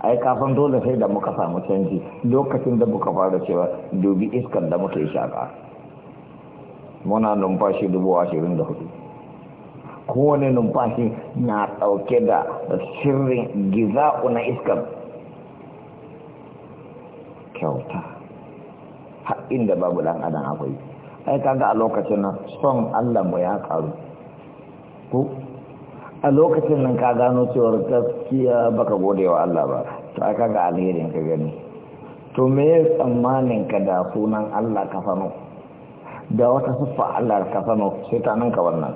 ai kafin dole sai da muka samu canji lokacin da muka fara cewa dubi iskar da muka yi shaka muna numfashi dubu ashirin da hudu kowane numfashi na ɗauke da sirrin giza'u na iskar kyauta haɗin da babu ɗan adam akwai ai kaga a lokacin nan son Allah mu ya karu. ko a lokacin nan ka gano cewar gaskiya baka gode wa Allah ba to aka ga alherin ka gani to me ya tsammanin ka da sunan Allah ka fano da wata siffa Allah ka fano sai ta nan ka wannan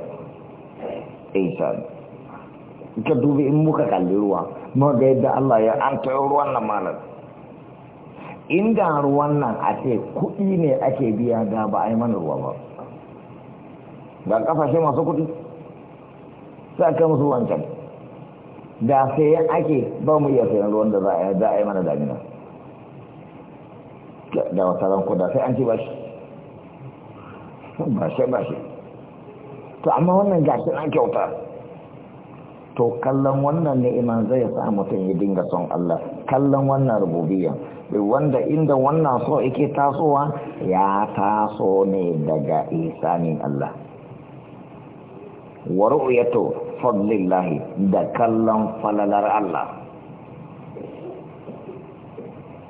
isa eh, ka dubi in muka kalli ruwa ma ga yadda Allah ya an tayo ruwan nan malam inda ruwan nan a ce kuɗi ne ake biya da ba a yi mana ruwa ba ga kafashe masu kuɗi sai aka musu wancan da yan ake ba mu iya sayan ruwan da za a yi mana damina da wata ranko da sai an ci ba *laughs* shi ba shi ba shi to amma wannan gashin an kyauta to kallon wannan ni'iman zai sa mutum ya dinga son Allah kallon wannan rububiyya wanda inda wannan so yake tasowa ya taso ne daga isanin Allah wa ru'yatu fadlillahi da kallon falalar Allah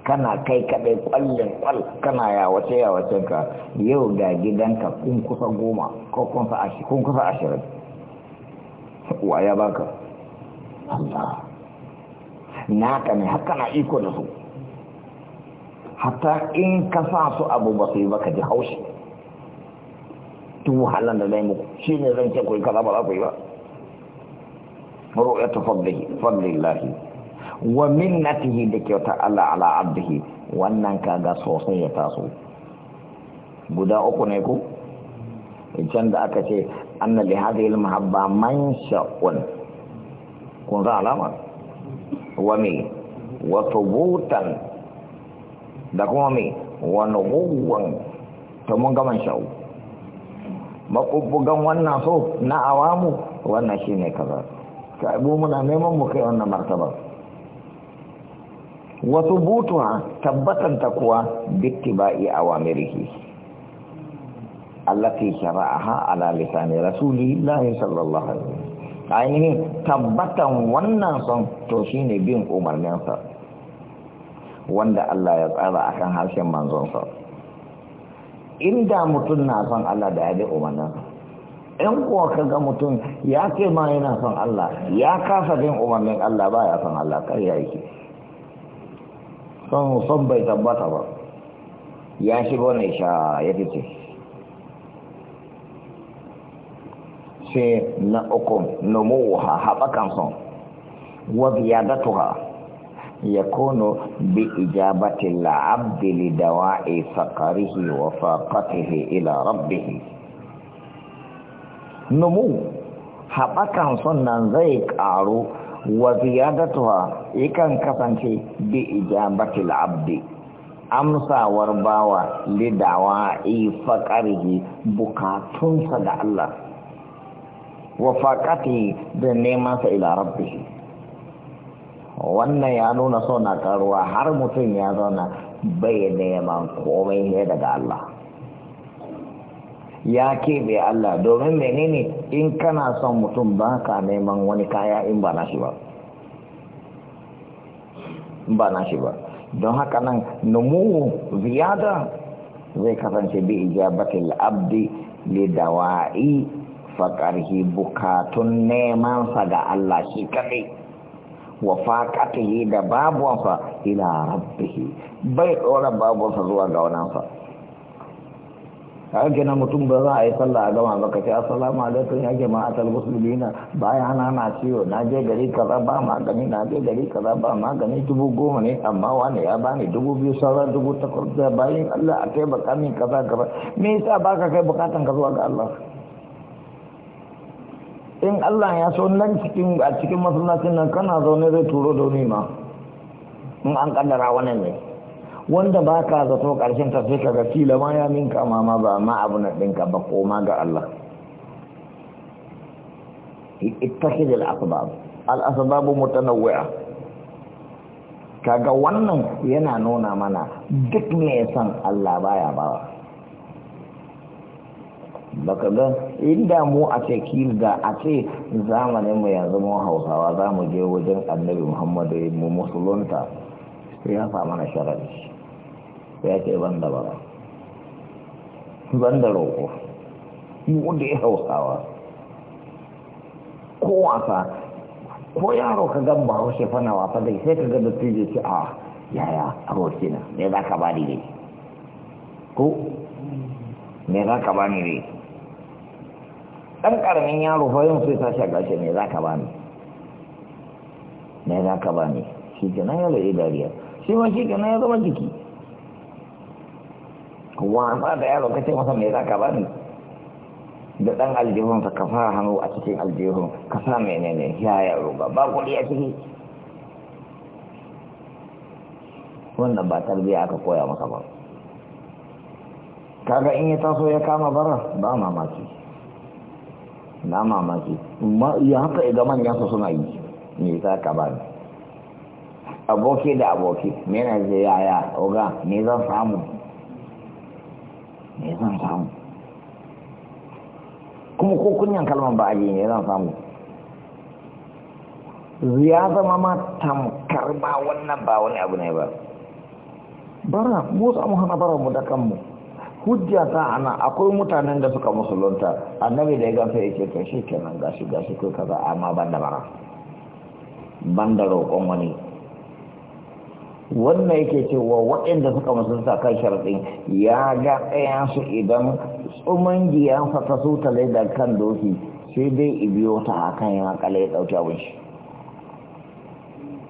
kana kai kaɗai ƙwallin ƙwal kana ya ya wace ka yau ga gidanka kun kusa goma ko kun kusa ashirin wa ya baka Allah naka ne haka na iko da su hatta in ka sa su abu ba su yi baka ji haushi tun wahalar da zai muku shi ne zan ce ku yi kaza ba za ku yi ba ru'yatu fadlihi fadlillahi wa minnatihi da kyauta Allah ala abdihi wannan kaga sosai ya taso guda uku ne ku can da aka ce anna li hadhihi al mahabba man sha'un kun za alama wa me wa thubutan da kuma me wa nubuwan to mun gaman sha'u makubbugan wannan so na awamu wannan shine kaza ta mu muna neman mu kai wannan martabar wasu butuwa ta kuwa bittiba'i awamirihi allati shara'aha ala lisani rasulillahi sallallahu alaihi wasallam ainihin tabbatan wannan son to shine bin umarninsa wanda Allah ya tsara akan harshen manzonsa inda mutum na son Allah da ya bi umarninsa in kuwa ka ga mutum ya ce ma yana son Allah ya kasa bin umarnin Allah ba ya son Allah kai ya yi son son bai tabbata ba ya shigo ne sha ya fice sai na uku numuwa haɓakan son wa ya kono bi ijabati al-abdi li dawa'i faqrihi wa faqatihi ila rabbihi numu haɓakan sunan zai ƙaru wa ziyadatuwa yakan kasance bi ijabatil abdi amsawar bawa lidawa faƙarhi bukatunsa da Allah wa faƙati da nemansa ila rabbi wannan ya nuna suna ƙaruwa har mutum ya zauna bai neman komai daga Allah ya keɓe Allah domin menene in kana son mutum ba ka neman wani kaya in ba nashi ba ba nashi ba don haka nan numuhu ziyada zai kasance bi ijabatil abdi li dawa'i faƙarhi bukatun neman sa ga Allah shi kaɗai wa faƙatihi da babuwansa ila rabbihi bai ɗora babuwansa zuwa ga wanansa kaga kina mutum ba za a yi sallah a gama ka ce assalamu alaikum ya jama'atul muslimina bayan ana na ciwo na je gari kaza ba magani na je gari kaza ba magani dubu goma ne amma wani ya bani dubu biyu sauran dubu takwas da bayan Allah a kai min kaza gaba me yasa ka kai bukatan ka zuwa ga Allah in Allah ya so nan cikin a cikin masallacin nan kana zaune zai turo da ma in an kaddara wannan ne wanda ba ka zato ƙarshen ta sai ga kila ma ya minka ma ma ba ma abu na ɗinka ba koma ga Allah ittakhid al-asbab al-asbab mutanawwi'a kaga wannan yana nuna mana duk mai san Allah baya bawa baka ga inda mu a ce da a ce zamanin mu yanzu mu Hausawa za mu je wajen Annabi Muhammadu mu musulunta sai ya fa mana sharadi ya ce da ba da roƙo mu da ya hausawa ko wasa ko yaro ka gan ba haushe fana wasa dai sai ka ga dattijo ce a yaya na me za ka bani ne ko me za ka bani ne ɗan ƙaramin yaro fa yin sai sashi a gashi me za ka bani me za ka bani shi ke nan yaro ya dariya shi ma shi ke nan ya zama jiki wasa da yaro kace masa me za ka bani da ɗan aljihun ka kafa hannu a cikin aljihun ka sa menene ya yaro ba ba kuɗi a cikin wannan ba tarbiyya aka koya maka ba kaga in ya taso ya kama bara ba mamaki na mamaki ya haka iga manya su suna yi me za ka bani aboki da aboki mena zai yaya oga me zan samu me zan samu kuma ko kunyan kalmar ba a yi ne zan samu ya zama ma tamkar ba wannan ba wani abu ne ba bara mu samu hana bara mu da kanmu hujja ta ana akwai mutanen da suka musulunta annabi da ya gafe ya ce to shi kenan gashi gashi kai kaza amma ban da bara ban da roƙon wani wannan yake cewa waɗanda suka musulunta kan sharaɗin ya ga ɗayansu idan tsuman giyansa ta su tale da kan doki sai dai ibiyo ta hakan ya kala ya ɗauki abin shi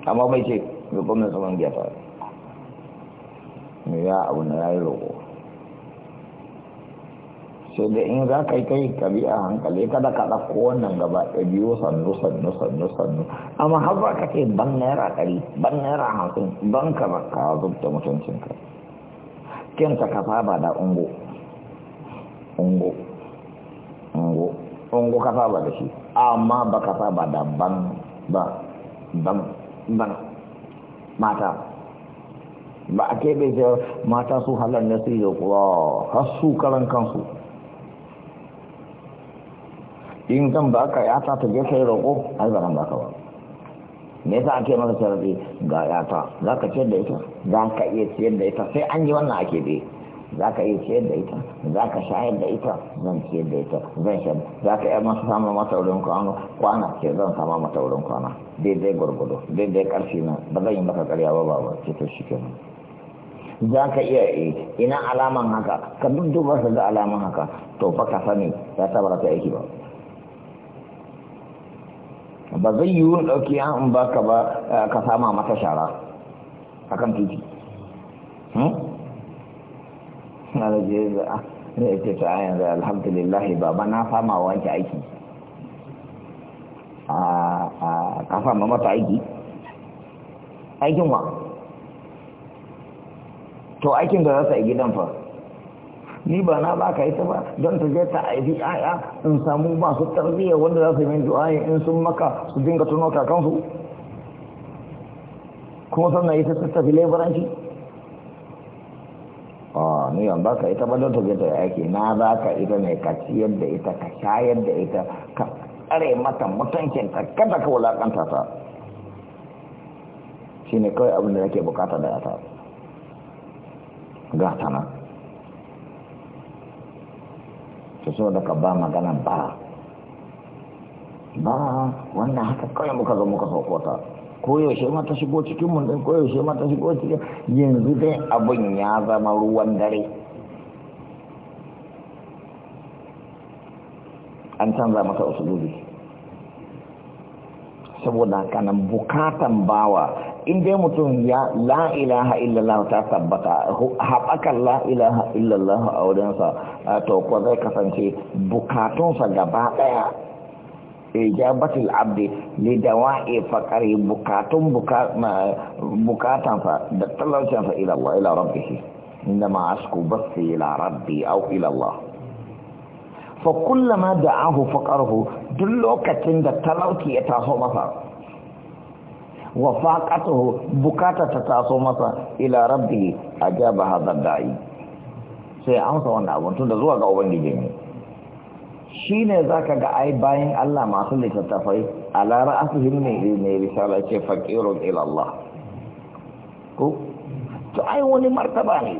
amma bai ce ga gwamnan tsumin giya ya abu na ya yi roƙo sai da in za ka yi kai ka bi a hankali kada ka ɗauko wannan gaba ɗaya biyu sannu sannu sannu sannu amma har ba ka ce ban naira ɗari ban naira hamsin ban ka ba ka zubta mutuncinka ta ka saba da ungo ungo ungo ungo ka saba da shi amma ba ka saba da ban ba ban ban mata ba a keɓe mata su halar na su yi da kuwa har su karan kansu in zan ka yata ta ta yi roƙo ai ba ba ka ba me yasa ake masa sharadi ga yata. za ka ciyar da ita za ka iya ciyar da ita sai an yi wannan ake bi za ka iya ciyar da ita za ka shayar da ita zan ciyar da ita zan shayar za ka iya masa samun mata wurin kwana kwana ce zan sama mata wurin kwana daidai gwargwado daidai ƙarfi na ba zan yi maka ƙarya ba ba ce to shi kenan za ka iya yi. Eh, ina alaman haka ka duk duba su da alaman haka to fa ka sani ya ta ba ta aiki ba ba zai yi ɗauki ya ba ka eh, ba ka sama mata shara a kan titi hmm? na da je da da ah, ya ce ta ayan alhamdulillah alhamdulillah baba na sama wanke aiki a ka sama mata aiki aikin wa to aikin da za su gidan fa ni ba na ba ka ita ba don ta je ta aiki aya in samu masu tarbiyya wanda za su yi min aya in sun maka su dinga tuno kakansu kuma sannan ita ta tattafi leburanci a ni ba ka ita ba don ta je ta aiki na ba ka ita ne ka ciyar da ita ka shayar da ita ka tsare mata ta, kada ka wulakanta ta ne kawai abin da yake bukata da ya ta gata na su so da ka ba magana ba ba wanda haka kawai muka zo muka ko koyaushe ma ta shigo cikin mun din koyaushe ma ta shigo cikin yanzu dai abin ya zama ruwan dare an canza mata usulubi saboda kanan bukatan bawa in dai mutum ya la ilaha illallah ta tabbata haɓakan la ilaha illallah a wurinsa to ko zai kasance bukatunsa gaba ɗaya ijabatul abdi li dawa'i faqari bukatun bukatansa da talaucinsa ila Allah ila rabbih inma asku basi ila rabbi au ila Allah fa kullama da ahu faqarhu duk lokacin da talauci ya taso masa wa faqatuhu bukata ta taso masa ila rabbi ajaba hadha da'i sai sa wannan abun tun da zuwa ga ubangiji ne shine zaka ga ai bayan Allah masu littattafai ala ra'asihim ne ne risala ce faqirun ila ko to ai wani martaba ne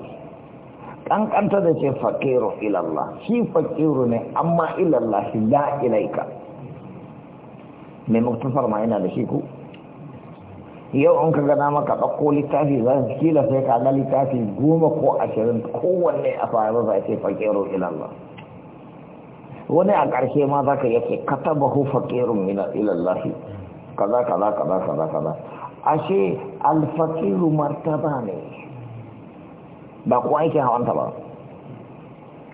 kankanta da ce fakiru ilallah shi fakiru ne amma ilallah shi da ilaika mai muktasar ma yana da shi ku yau in ka gana maka ɗauko littafi za su kila sai ka ga littafi goma ko ashirin kowanne a faru za ce fakero ilallah wani a ƙarshe ma za ka yake kataba hu fakerun ilallahi kaza kaza kaza kaza kaza ashe alfakiru martaba ne ba kuwa yake hawanta ba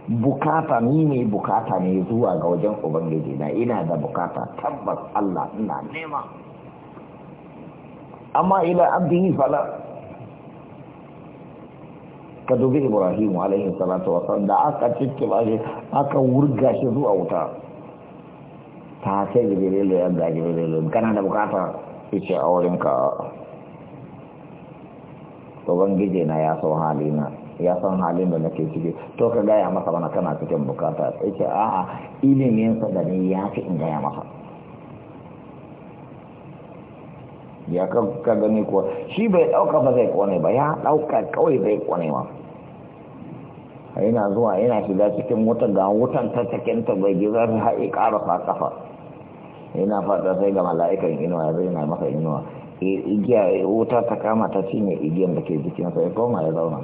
bukata ni ne bukata ne zuwa ga wajen ubangiji na ina da bukata tabbas Allah ina nema amma ila abdihi fala ka dubi ibrahim alaihi salatu wasallam da aka ba shi aka wurga shi zuwa wuta ta sai jibrilu ya ga jibrilu kana da bukata ice a wurin ka ubangiji na ya san halina ya san halin da nake ciki to ka gaya masa bana kana cikin bukata yace a'a ilimin sa da ne ya fi in gaya masa ya ka gani kuwa shi bai ɗauka ba zai kone ba ya ɗauka kawai zai kone ma yana zuwa yana shiga cikin wuta ga wutan ta cikin ta bai gizar haɗe ƙara fa kafa yana fata sai ga mala'ikan inuwa ya zai na masa inuwa e, igiya e, wuta ta kama ta cinye igiyan da ke jikinsa ya koma ya zauna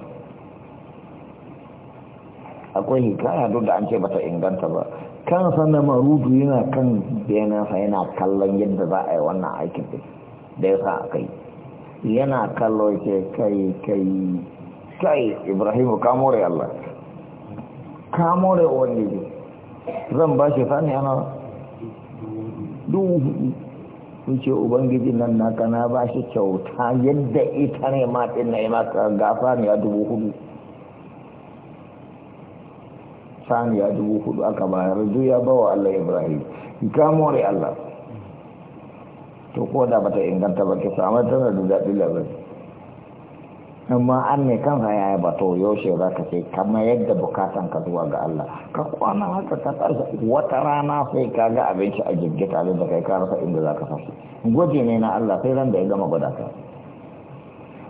akwai hikaya duk da an ce bata inganta ba kan sanar marudu yana kan bayanansa yana kallon yadda za a yi wannan aikin da ya sa a kai yana kallo ke kai kai kai ibrahimu kamore allah kamore wani zan ba shi sani ana duhu wuce ubangiji nan na kana ba shi kyauta yadda ita ne ma ɗin na yi maka gafa ne a dubu hudu saniya dubu hudu aka bayar duk ya bawa Allah Ibrahim kamore Allah to ko da bata inganta ba kisa amma tana da daɗi labari amma an ne haya ya yi bato yaushe za ka ce kamar yadda bukatan ka zuwa ga Allah ka kwana haka ka tarsa wata rana sai ka ga abinci a jirgi da kai ka rasa inda za ka fasu gwaji ne na Allah sai ran da ya gama gwada ka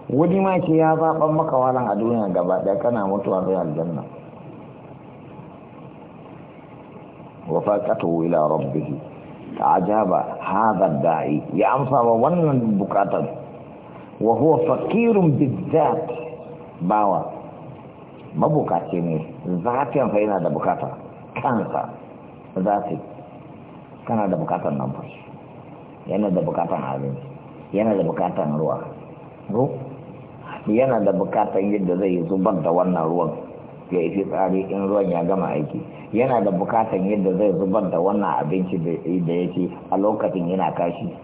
wani ma ce ya zaɓan maka walan a duniya gaba ɗaya kana mutuwa zai aljanna wa faqatu ila rabbihi ajaba hadha da'i ya amsa wa wannan bukatar wa huwa faqirun bizzat bawa mabukaci ne zatin fa yana da bukata kansa zati kana da bukatar nan ba. yana da bukatar abinci yana da bukatar ruwa yana da bukatar yadda zai zubar da wannan ruwan ya yi tsari in ruwan ya gama aiki yana da bukatan yadda zai zubar da wannan abinci da ya ce a lokacin yana kashi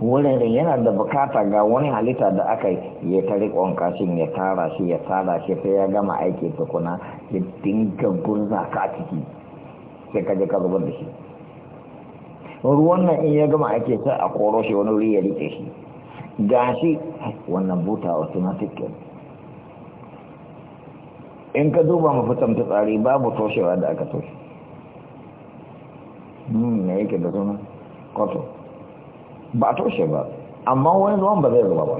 wurin yana da bukata ga wani halitta da aka yi ya ta riƙon kashin ya tara shi ya tara shi sai ya gama aiki tukuna ya dinga gurza ka ciki sai ka ka zubar da shi ruwan nan in ya gama aiki sai a koro shi wani wuri ya riƙe shi gashi wannan buta wa in ka duba mafitan tsari babu toshewa da aka toshe ne hmm, yake da zuna kwato ba a toshe ba amma wani ruwan ba zai zuba ba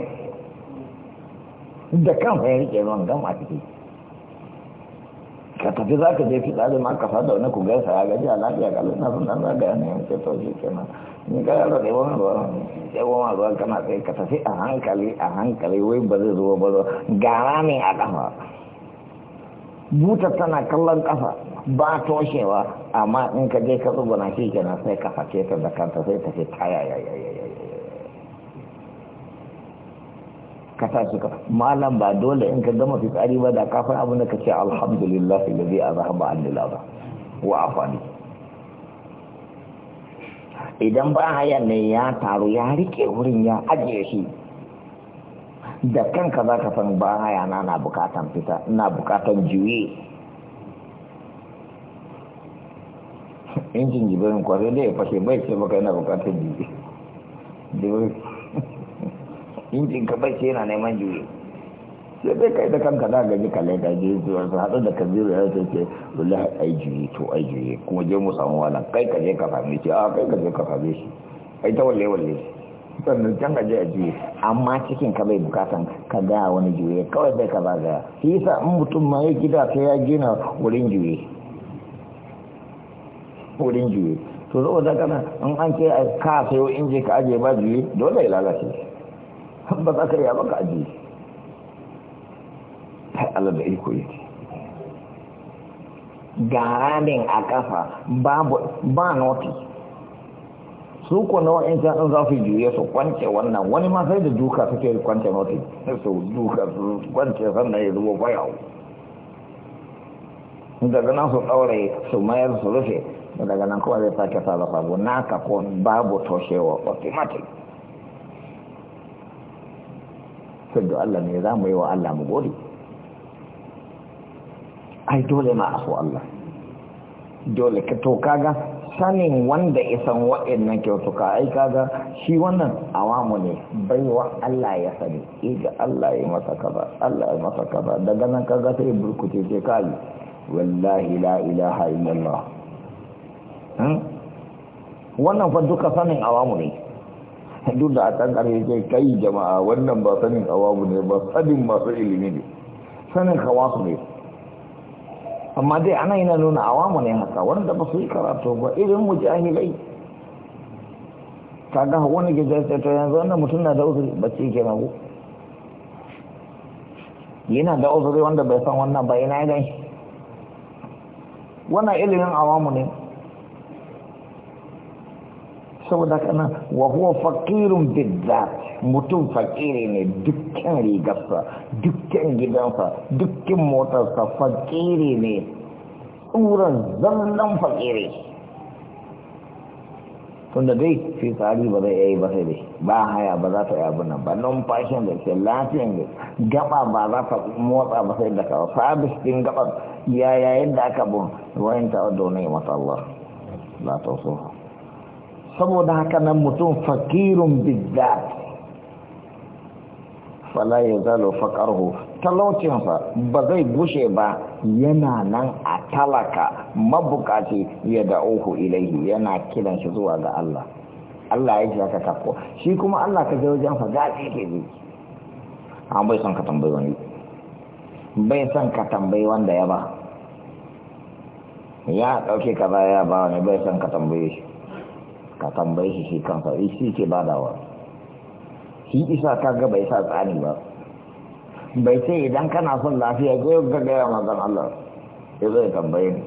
da kan ya rike ruwan gan a ciki ka tafi za ka je tsari ma ka fada wani kugar sa ya gaji a lafiya ga luna sun nan zaga yana yin ce toshe kenan ni ka yara da yawan ruwa yawan ruwa kana tsaye ka tafi a hankali a hankali wai ba zai zuba ba gara ne a kafa butar tana kallon ƙasa ba toshewa amma in ka je ka tsuguna shi sai ka face ta da kanta sai ta kaya ya ka malam ba dole in ka gama fitsari ba da kafin abin da ka ce alhamdulillah ilazi a zahaba annil wa afani idan ba hayan ne ya taru ya rike wurin ya ajiye shi da kanka za ka san ba haya na na bukatan fita na bukatan juye injin jibirin kwarai da ya fashe bai ce maka yana bukatan juye injin ka bai ce yana neman juye sai dai kai da kanka za gaji kalle da jiri zuwa su haɗu da kaziru ya ce ce lullu ai juye to ai juye kuma je mu samu wannan kai ka je ka fahimci a ah, kai ka je ka fahimci shi ai ta walle walle sannan can je a juye amma cikin ka bai bukatan ka ga wani juye kawai bai ka zagaya shi yasa in mutum ma ya gida sai ya gina wurin juye wurin juye to zo da kana in an ce ka sayo inji ka aje ba juye dole ya lalace ba za ka yi ba ka aje kai Allah da iko yi Gara din a kafa babu ba noti su ko na wa'in ta sun za su juye su kwance wannan wani ma sai da duka suke kwance mota su duka su kwance sannan ya zubo fayawo daga nan su ɗaure su mayar su rufe daga nan kuma zai sake sarrafa abu naka ko babu toshewa automatic sai da Allah ne za mu yi wa Allah mu gode ai dole ma a Allah dole ka to kaga sanin wanda isan wa'in wa'annan kyautuka ai kaga shi wannan awamu ne baiwa Allah ya sani ga Allah ya masa kaza Allah ya masa kaza daga nan kaga sai burkuce ce kai wallahi la ilaha illallah hmm? wannan fa duka sanin awamu ne *laughs* duk da a kan ke kai jama'a wannan ba sanin awamu ne ba sanin masu ilimi ne sanin kawasu ne amma dai ana yana nuna awamu ne haka wanda ba su yi karatu ba irin mujahilai ta ga wani gijar ta yanzu wanda mutum na da uzuri ce ke mago yana da uzuri wanda bai san wannan ba yana gan shi wannan ilimin awamu ne saboda kana wa huwa faqirun bidzat mutum fakiri ne dukkan rigarsa dukkan gidansa dukkan motarsa fakiri ne tsuran zallan fakiri tunda dai fi tsari ba zai yi ba sai dai ba haya ba za ta yi abin nan ba numfashin da ke lafiyan da gaba ba za ta motsa ba sai da kawo sabis din gaba ya yayin da aka bun wayan ta wadda wani masa Allah la ta so saboda haka nan mutum fakirun bidda. fala ya zalo faƙarhu talaucinsa ba zai gushe ba yana nan a talaka mabukaci ya uku ilaihi yana kiran shi zuwa ga Allah Allah ya ji ka shi kuma Allah ka je wajen fa gaji ke ji an bai son ka tambayi wani bai son ka tambayi wanda ya ba ya dauke ka ba ya ba wani bai son ka tambaye shi ka tambaye shi shi kansa shi ke badawa shi isa ka ga bai sa tsani ba bai ce idan kana son lafiya ko ga gaya mazan Allah ya zai tambaye ni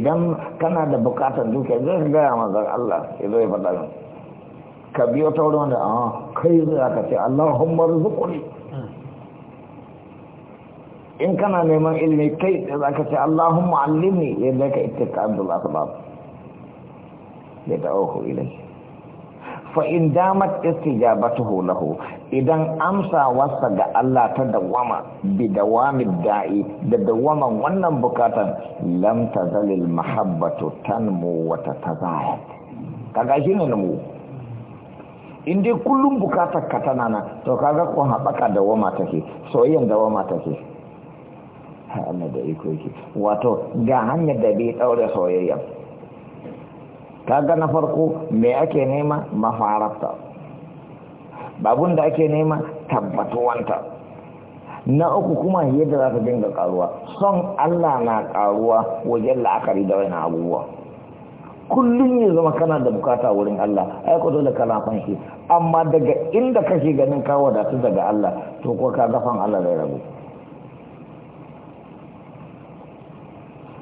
idan kana da bukatar dukiya zai gaya mazan Allah ya zai faɗa min ka biyo ta wurin da a ah, kai zai aka ce Allahumma rizquni in kana neman ilimi kai da ka ce Allahumma allimni yadda ka ittika Abdul Asbab ya da'uhu ilai fa in damat istijabatuhu lahu idan amsa wasa ga Allah ta dawama bi dawamid da'i da dawaman wannan bukatan lam tazalil mahabbatu tanmu wa tatazahad kaga shi ne mu in kullum bukatar ka tana nan to kaga ko haɓaka dawama take soyayyen dawama take ha da iko yake wato ga hanyar da bai ɗaure soyayya Ka ga na farko me ake nema mafarafta, babun da ake nema tabbatuwanta na uku kuma yadda za ta dinga karuwa son Allah na karuwa wajen la'akari da wani abubuwa kullum ya zama kana da bukata wurin Allah ai da dole kana na amma daga inda kake ganin ka wadatu daga Allah to ko ka gafan Allah zai rabu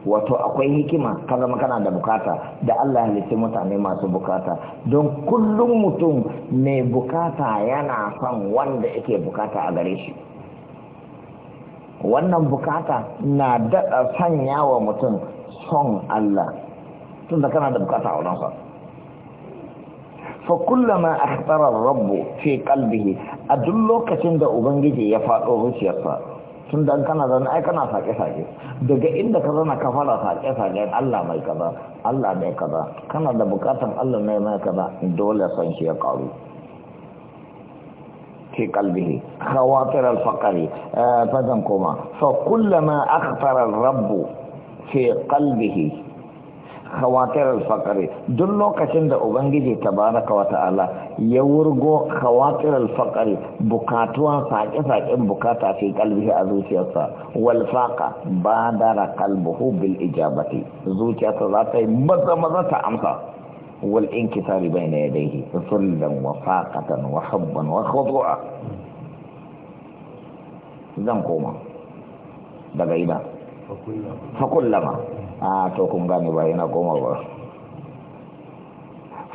wato akwai hikima ka zama kana da bukata da Allah halitta mutane masu bukata don kullum mutum mai bukata yana son wanda yake bukata a gare shi wannan bukata na daɗa sanya wa mutum son Allah tunda kana da bukata a wurinsa fa kullama akhtara rabbu fi qalbihi a duk lokacin da ubangiji ya faɗo zuciyarsa tun dan kana zana ai kana sake-sake daga inda ka zana ka fara sake-sake Allah mai kaza Allah mai kaza kana da bukatan Allah mai mai kaza dole san shi ya karu fi kalbihi khawatir al-faqri eh, fadan kuma fa kullama akhfara ar-rabb fi qalbihi khawatirar fakari duk lokacin da ubangiji tabaraka wa ta'ala ya wurgo khawatirar fakari bukatuwa saƙe-saƙen bukata fi kalbihi a zuciyarsa wal faqa badara qalbuhu bil ijabati zuciyarsa za ta yi maza maza ta amsa wal inkisari bayna yadayhi sullan wa faqatan wa hubban wa khudu'a zan koma daga ina fakullama ah to kun gane ba yana goma ba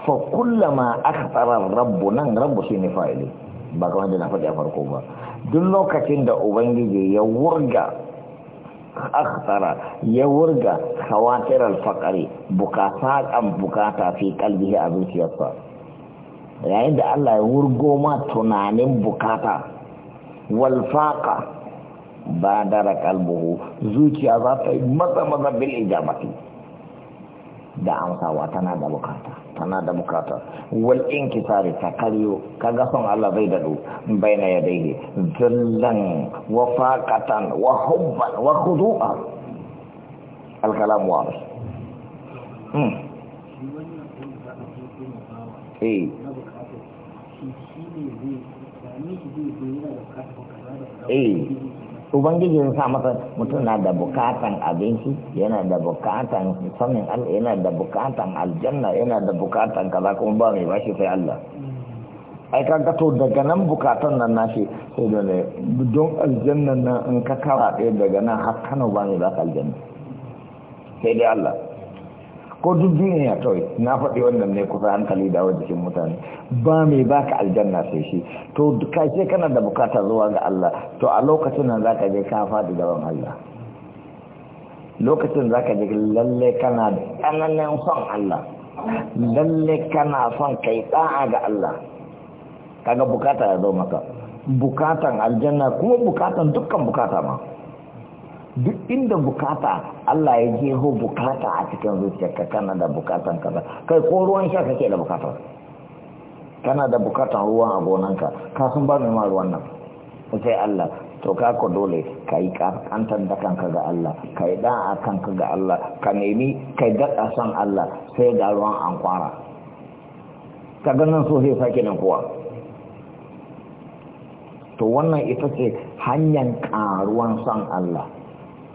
fa kullama akthara rabbu nan rabbu shine fa'ili ba kamar da na faɗi a farko ba duk lokacin da ubangiji ya wurga akhtara ya wurga khawatir al-faqri bukata kan bukata fi qalbihi a zuciyarsa yayin da Allah ya wurgo ma tunanin bukata wal faqa badara kalbuhu zuciya za ta yi maza maza bil ijabati da amsawa tana da bukata tana da bukata wal inkisari ta karyo kaga son Allah zai dadu baina ya daidai zallan wa faqatan wa hubban wa khudu'a al kalam wa hmm eh eh ubangiji ya sa masa mutum na da bukatan abinci yana da bukatan sanin Allah yana da bukatan aljanna yana da bukatan kaza kuma ba mai bashi sai Allah ai kaga to daga nan bukatan nan nashi sai da don aljanna nan in ka kawa ɗaya daga nan har Kano ba mai baka aljanna sai dai Allah ko duk duniya kawai na faɗi wannan ne kusa hankali da jikin mutane ba mai baka aljanna sai shi to ka ce kana da bukata zuwa ga Allah to a lokacin nan zaka je ka faɗi gaban Allah lokacin zaka je lalle kana da tsananin son Allah lalle kana son kai da'a ga Allah kaga bukata ya zo maka bukatan aljanna kuma bukatan dukkan bukata ma duk inda bukata Allah ya jeho bukata a cikin zuciyarka kana da bukatan kaza kai ko ruwan sha kake da bukata kana da bukatan ruwan a gonanka ka san ba mai ma ruwan nan sai Allah to ka ko dole ka yi kantar da kanka ga Allah ka yi a kanka ga Allah ka nemi kai daɗa son Allah sai ga ruwan an kwara ka ganin so sai sake nan kuwa to wannan ita ce hanyar ƙaruwan san Allah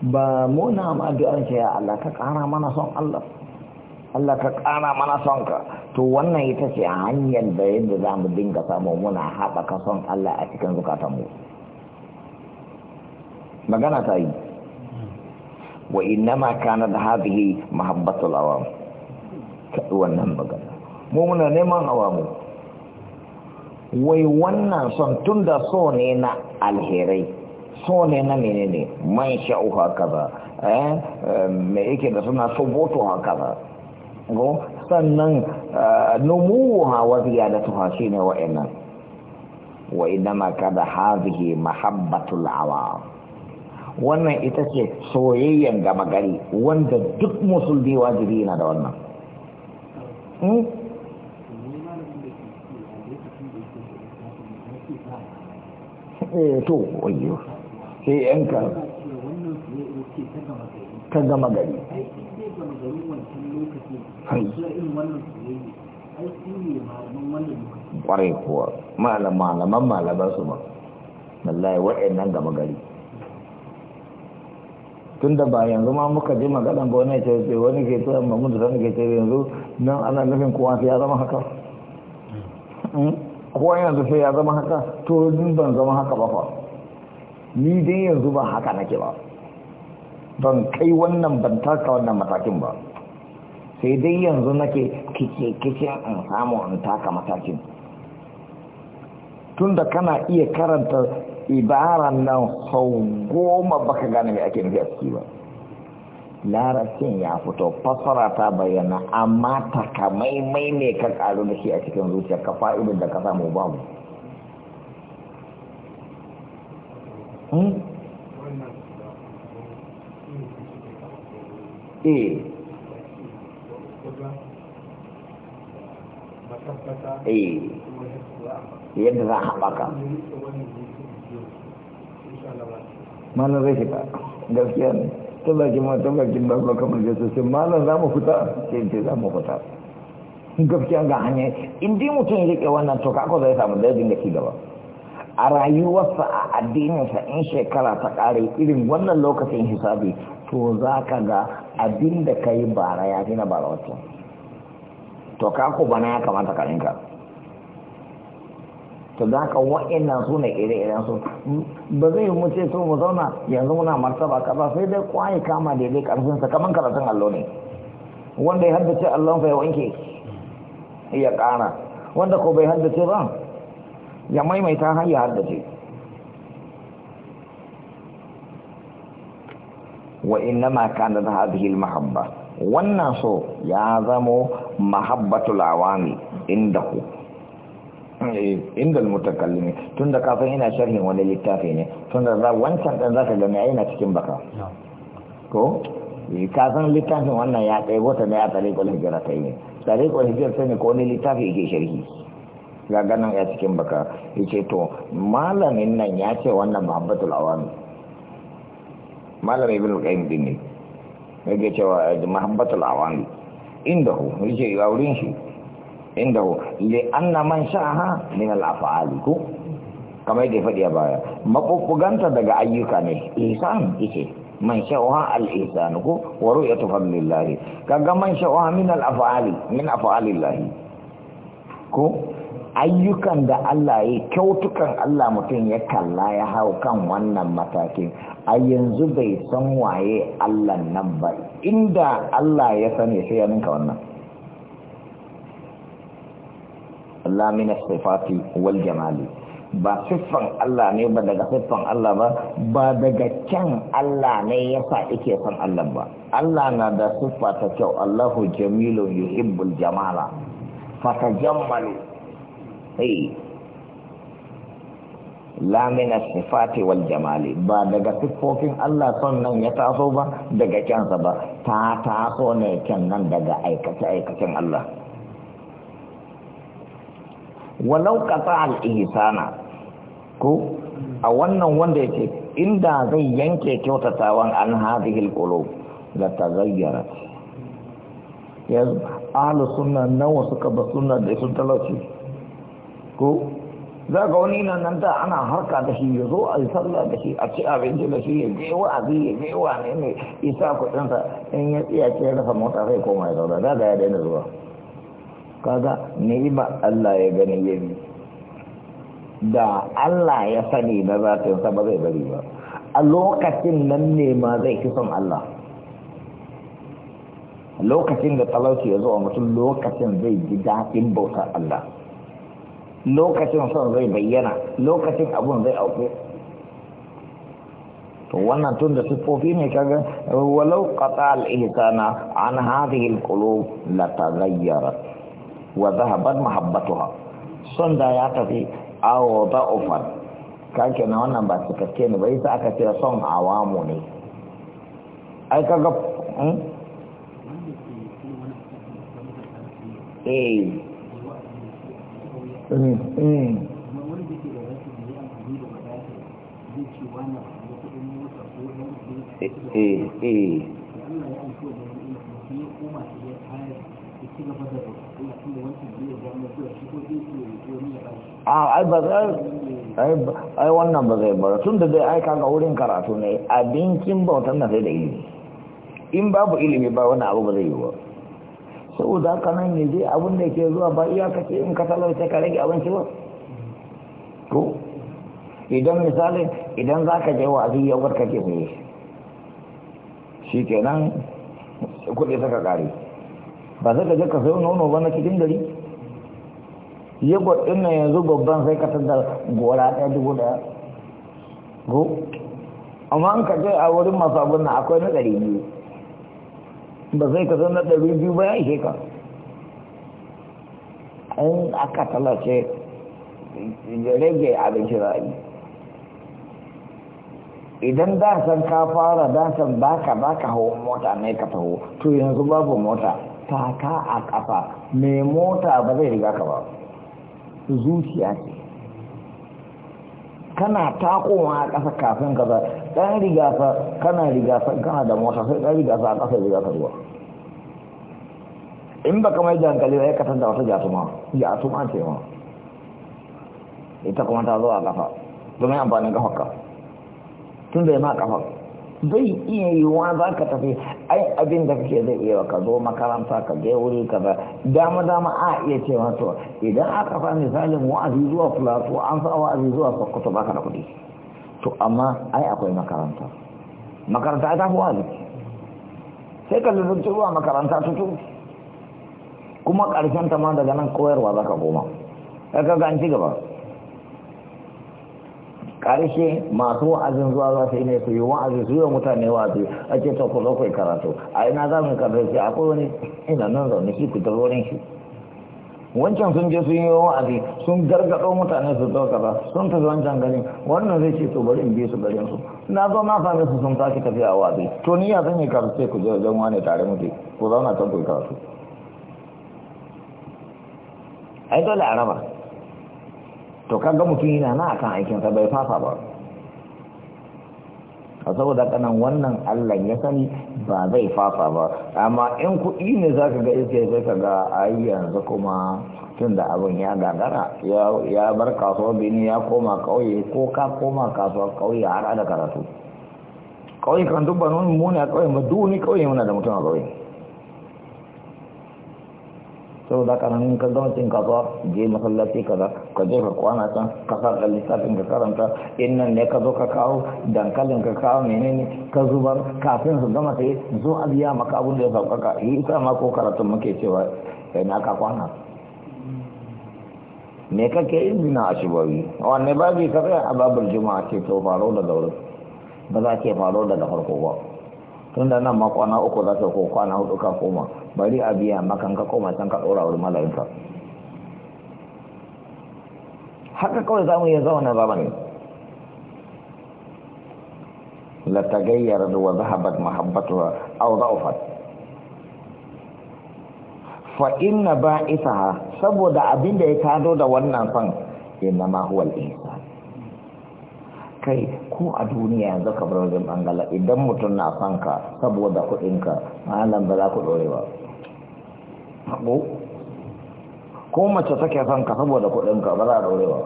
ba muna ma addu'an ya Allah ka ƙara mana son Allah Allah ka ƙara mana son ka to wannan ita ce hanyar da yadda za mu dinga samu muna haɓaka son Allah a cikin zukatanmu magana ta yi wa ma kana da haɗihi mahabbatul awam kaɗi wannan magana mu muna neman awamu wai wannan son tun da so ne na alherai so ne na menene man sha'uha kaza eh, eh me yake da suna ha kaza go sannan eh, numuha wa ziyadatuha shine wa'annan wa inma kada hadhihi mahabbatul awam wannan ita ce soyayyen gama gari wanda duk musulmi wajibi na da wannan hmm? eh, to sai yan ka ta gama gari kwarai kuwa malaman malaman su ba wallahi waɗannan gama gari tun da ba yanzu ma muka ji maganan ba wani ce ce wani ke tsaye ma mun da sani ke ce yanzu nan ana nufin kowa sai ya zama haka hmm. Hmm? kowa yanzu sai ya zama haka to din ban zama haka ba fa ni dai yanzu ba haka nake ba ban kai wannan ban taka wannan matakin ba sai dai yanzu nake kike kike in samu in taka matakin tunda kana iya karanta ibaran nan sau goma baka gane mai ake nufi a ciki ba larabcin ya fito fasara ta bayyana amma takamaimai ne ka karu da shi a cikin zuciya ka fa'idun da ka samu babu Hmm? eh eh yadda za a haɓaka malar zai shiga gaskiya ne ta bakin ma ta bakin ba ba kamar gasu sai malar za mu fita sai ce za mu fita gaskiya ga hanyar in dai mutum ya riƙe wannan to kako zai samu zai dinga ci gaba a rayuwarsa a addininsa in shekara ta ƙare irin wannan lokacin hisabi to za ka ga abin da ka yi bara ya fi na bara wata to ka ku bana ya kamata ka rinka to za ka wa'annan su ne ire-iren su ba zai mu ce to mu zauna yanzu muna martaba ka sai dai kwaye kama daidai karfinsa kamar karatun allo ne wanda ya haddace allon ya wanke ya ƙara wanda ko bai haddace ba ya maimaita har ya haddace wa innama kana hadhihi al-mahabba wannan so ya zamo mahabbatul awami indahu inda al-mutakallimi tunda kafin ina sharhin wani littafi ne tunda za wancan dan zaka ga mai ina cikin baka ko ka san littafin wannan ya ɗaya ta ne a tariqul hijra ta yi tariqul hijra ta ne ko ne littafi yake sharhi ga ganin ya cikin baka yace to malamin nan ya ce wannan muhabbatul awami malamin ibn qayyim din ne ce cewa muhabbatul awami ya yace ya wurin shi le li anna man sha'aha min al af'ali ko kamar da faɗi a baya makubbuganta daga ayyuka ne ihsan yace man sha'aha al-ihsan ko wa ru'yatu fadlillah kaga man sha'aha min al-af'ali min af'alillah ko ayyukan da Allah ya kyautukan Allah mutum ya kalla ya hau kan wannan matakin a yanzu bai san waye Allah nan ba inda Allah ya sani sai ya ninka wannan Allah min sifati wal jamali ba siffan Allah ne ba daga siffan Allah ba ba daga can Allah ne ya sa ike son Allah ba Allah na da siffa ta kyau Allahu jamilu yuhibbul jamala fatajammalu sosai lamina sifati wal jamali ba daga siffofin Allah son nan ya taso ba daga kyansa ba ta taso ne kyan nan daga aikace-aikacen Allah walau kata al'ihisana ko a wannan wanda yake inda zai yanke kyautatawan an hadihil qulub la tagayyara yanzu ahlu sunna nawa suka ba sunna da sun talauci ko za ga wani nan nan da ana harka da shi ya zo a yi sallah da shi a ci abinci da shi ya je wa a ya je wa ne ne isa kuɗinsa in ya tsiya ce ya rasa mota sai koma ya zauna za ga ya daina zuwa kaga ni'ima Allah ya gani ya bi da Allah ya sani na zatinsa ba zai bari ba a lokacin nan ne ma zai fi son Allah lokacin da talauci ya zo a mutum lokacin zai ji daɗin bautar Allah lokacin son zai bayyana lokacin abun zai auke to wannan tun da siffofi ne kaga walau qata al ihsana an hadhihi al qulub la taghayyarat wa dhahabat mahabbatuha son da ya tafi aw da'ufan kake na wannan ba su kace ne bai sa aka ce son awamu ne ai kaga eh ai wannan ba zai bara tun da zai aika ga wurin karatu ne abincin bautan na sai da ilimi in babu ilimi ba wani abu ba zai yi ba saboda haka nan ya abin da ke zuwa ba iya ce in ka talauce ka rage abinci ba to idan misalin idan za ka je wa ya warka ke mai shi nan kudi saka kare ba sai ka je ka sayo nono ba na cikin gari yogurt ɗin yanzu babban sai ka tada gora ɗaya dubu ɗaya go amma an ka je a wurin masu abin na akwai na ɗari biyu ba zai ka na ɗari biyu ba ya ishe ka in aka talace rage abinci ra'ayi idan da san ka fara da san baka baka hau mota mai ka taho to yanzu babu mota taka a kafa mai mota ba zai riga ka ba zuciya ce kana takowa a ƙasa kafin ka ɗan rigasa kana rigasa kana da mota sai ɗan rigasa a ƙasa rigasa ruwa in ba kamar jankali ba ya katar da wata jatuma jatuma ce ma ita kuma ta zo a ƙafa domin amfanin ka tun da ya ma ƙafar zai iya yiwuwa za ka tafi ai abin da kake zai iya ka zo makaranta ka je wuri ka ba dama dama a iya ce to idan aka fa misalin wa'azi zuwa filato an sa wa'azi zuwa sokoto baka da kuɗi to amma ai akwai makaranta makaranta ta fi wa'azi sai ka lura zuwa makaranta tutu kuma ƙarshen ta ma daga nan koyarwa za ka koma ka ga an ci gaba karshe masu wa'azin zuwa za su yi ne su yi wa'azi su yi wa mutane wa'azi a ce ta kusa kai karatu a ina za mu karatu sai akwai wani ina nan zaune shi fitar wurin shi wancan sun je sun yi wa'azi sun gargaɗo mutane su zo kaza sun tafi wancan gani wannan zai ce to bari in bi su garin su na zo na same su sun tashi tafiya wa'azi to ni ya zan yi karatu sai ku je wajen wani tare muke ku zauna can ku yi karatu ai dole a raba to ga mutum yana na akan aikinsa bai fafa ba a saboda kanan wannan allah ya sani ba zai fafa ba amma in kuɗi ne za ka ga iske sai ka ga ai yanzu kuma tun da abin ya gagara ya bar kasuwar bini ya koma ƙauye ko ka koma kasuwar ƙauye har da karatu ƙauye kan duk ba nuni muni a ƙauye ba duni ƙauye muna da mutum a ƙauye saboda karamin ka zama cin kaza je masallaci kaza ka je ka kwana can ka sa ka lissafin ka karanta in nan ne ka zo ka kawo dankalin ka kawo menene ka zubar kafin su gama ta yi zo a biya maka abin da ya sauƙaƙa yi ita ma ko karatun muke cewa kai na ka kwana me kake yin zina a shibobi wanne bi ka saya a babul juma'a ce to faro daga wurin ba za ke faro daga farko ba tunda nan ma kwana uku za ta ko kwana hudu ka koma bari a biya makan ka koma san ka ɗora wurin malaminka haka kawai za mu yi zaune zamani la tagayyara wa zahabat mahabbatu aw dha'afat fa inna ba'isaha saboda abinda ya tado da wannan san inna ma huwa al kai ko a duniya yanzu ka bar wajen bangala idan mutum na son ka saboda kuɗinka malam ba za ku ɗore ba ko mace take son ka saboda kuɗinka ba za a ɗore ba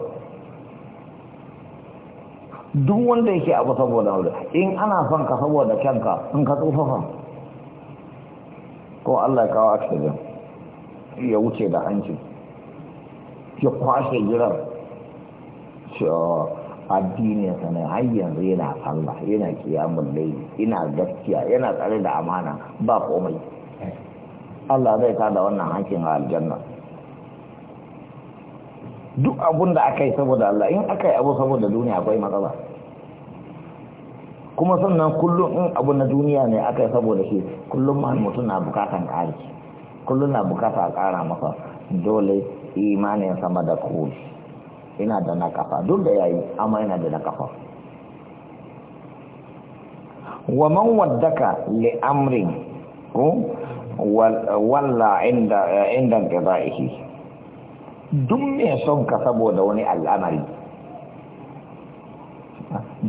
duk wanda yake abu saboda wuri in ana son ka saboda kyanka in ka tsofafa ko Allah ya kawo accident ya wuce da hanci ya kwashe jiran cewa addininsa ne har yanzu yana sallah yana kiyamun laili yana gaskiya yana tsare da amana ba komai Allah zai tada wannan hankin a aljanna duk abun da aka yi saboda Allah in aka yi abu saboda duniya akwai matsala kuma sannan kullum in abu na duniya ne aka yi saboda shi kullum ma mutum na bukatan ƙari kullum na bukata a ƙara masa dole imanin sama da ina da na kafa duk da yayi amma ina da na kafa wa man waddaka li amrin ko walla inda inda qada'ihi duk mai son ka saboda wani al'amari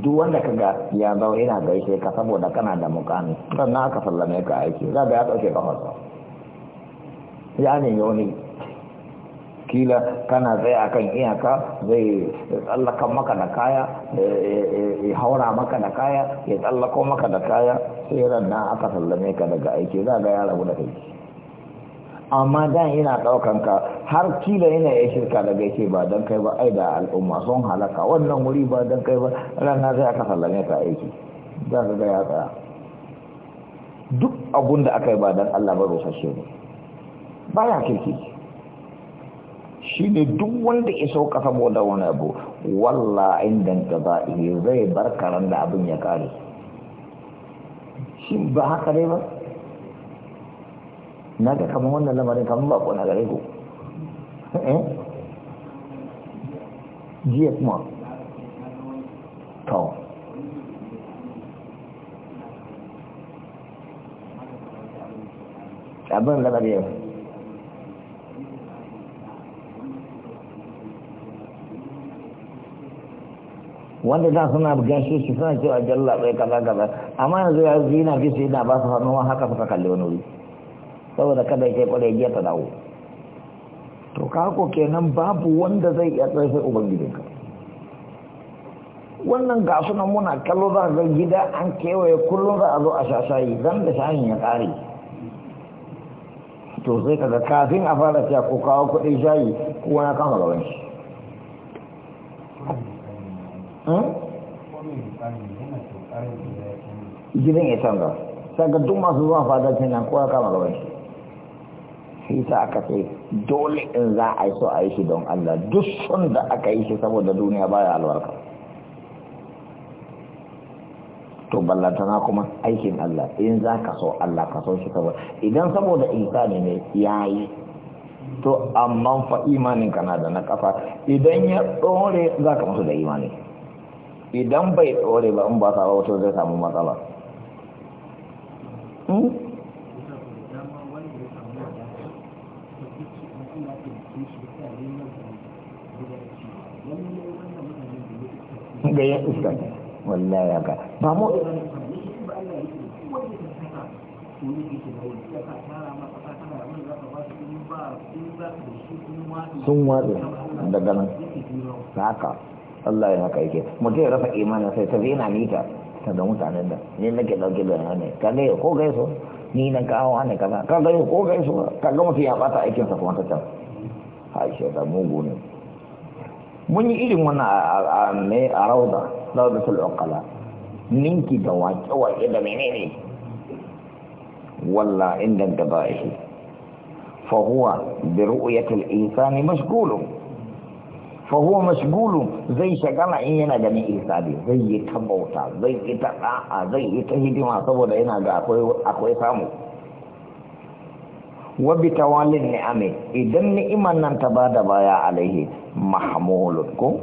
duk wanda ka ga ya zo ina gaishe ka saboda kana da mukami sannan aka sallame ka aiki za ga ya dauke kafarsa ya ne yoni kila kana tsaye kan iyaka zai tsallaka maka da kaya ya haura maka da kaya ya tsallako maka da kaya sai ranar aka sallame ka daga aiki za ga ya rabu da kai amma dan yana daukan ka har kila yana ya shirka daga yake ba dan kai ba ai da al'umma sun halaka wannan wuri ba dan kai ba ranna zai aka sallame ka aiki za ka ga ya tsaya duk abun da aka yi ba dan Allah ba rusashe ne baya kirki shine duk wanda ya sauka saboda wani abu walla inda yi zai bar karan da abin ya kare shi ba haka ne ba na ga kama wannan lamarin kama ba na gare ku eh? jiya kuma to abin lamarin yau wanda da suna ganshe shi suna cewa jalla bai kaza kaza amma yanzu ya na fi su ina ba su hannuwa haka suka kalli wani wuri saboda kada ke kwarai giya ta dawo to kako kenan babu wanda zai iya tsarfe ka wannan ga suna muna kallo za ga gida an kewaye kullum za a zo a shashayi zan da shayin ya kare to sai kaga kafin a fara cewa ko kawo kuɗin shayi kowa ya kama gaban shi gidan ya canza saka duk masu zuwa ce nan kowa kama gaban shi sai ta aka ce dole in za a yi so a yi shi don Allah duk sun da aka yi shi saboda duniya baya albarka to ballantana kuma aikin Allah in za ka so Allah ka so shi saboda idan saboda insani ne ya yi to amma fa imanin kana da na kafa idan ya ɗore za ka musu da imani idan oleh Mbak ba in ba ta wato zai samu matsala gayen iska wallahi ya ga ba mu sun daga nan haka Allah ya haka yake mutum ya rasa imanin sai ta zina mita ta da mutanen da ni nake dauke da ne ka ne ko gaiso ni nan ka hawa ne kaza ka ga ko gaiso ka ga mutum ya bata aikin sa kuma ta ta aisha da mugu ne mun yi irin wannan a ne a rauda rauda raudatul uqala ninki da wace wace da menene walla inda da ba'ihi fa huwa bi ru'yati al insani mashghulun fa huwa mashgulu zai shagala in yana ganin isali zai yi ta bauta zai yi ta da'a zai yi ta hidima saboda yana ga akwai samu wa bi tawalin ni'ami idan ni'iman nan ta bada baya alaihi mahmulun ko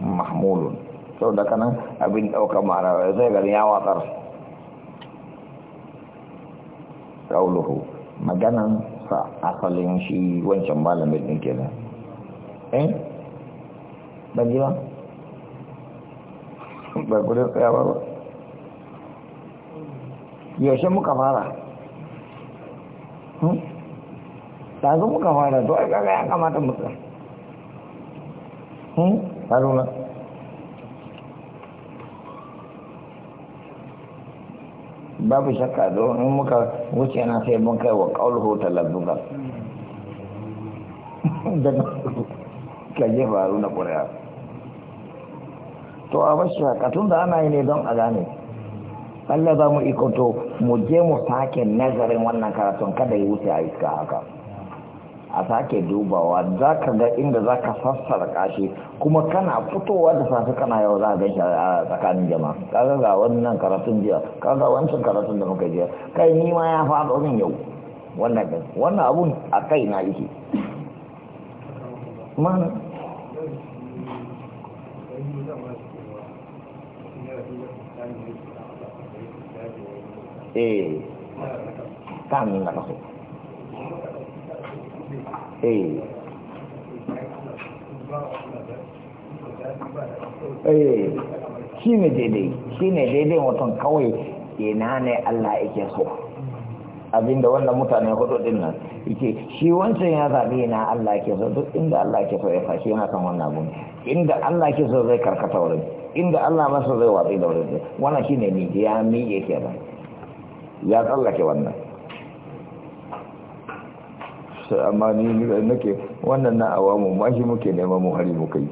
mahmulun da kanan abin ɗaukar mara zai gani ya watsar qauluhu maganan sa asalin shi wancan malamin din kenan eh? bagi ji ba ba gudun tsayawa ba yaushe muka fara hmm? ɗazu muka fara to ai kaga ya kamata mu tsaya hmm? haruna babu shakka do in muka wuce na sai mun kai wa ƙaunar hotar lardungar suka faru na ƙuri'a to a bashi haka tun da ana yi ne don a gane Allah za mu ikoto mu je mu sake nazarin wannan karatun kada ya wuce a iska haka a sake dubawa za ka ga inda za ka sassara kashi kuma kana fitowa da safe kana yau za a gan shi a tsakanin jama'a kaga ga wannan karatun jiya kaga wancan karatun da muka jiya kai ni ma ya faɗo min yau wannan abun a kai na yake mana eh kamin na kaso eh eh shi ne daidai shi ne daidai mutum kawai ina ne Allah yake so abinda wannan mutane hudu din nan yake shi wancan ya zabi na Allah ke so duk inda Allah ke so ya fashi yana kan wannan abun inda Allah ke so zai karkata wurin inda Allah masa zai watsi da wurin wannan shine ni ya mi yake ba ya tsallake wannan amma ni nake wannan na awamu mashi muke neman mu hari muka yi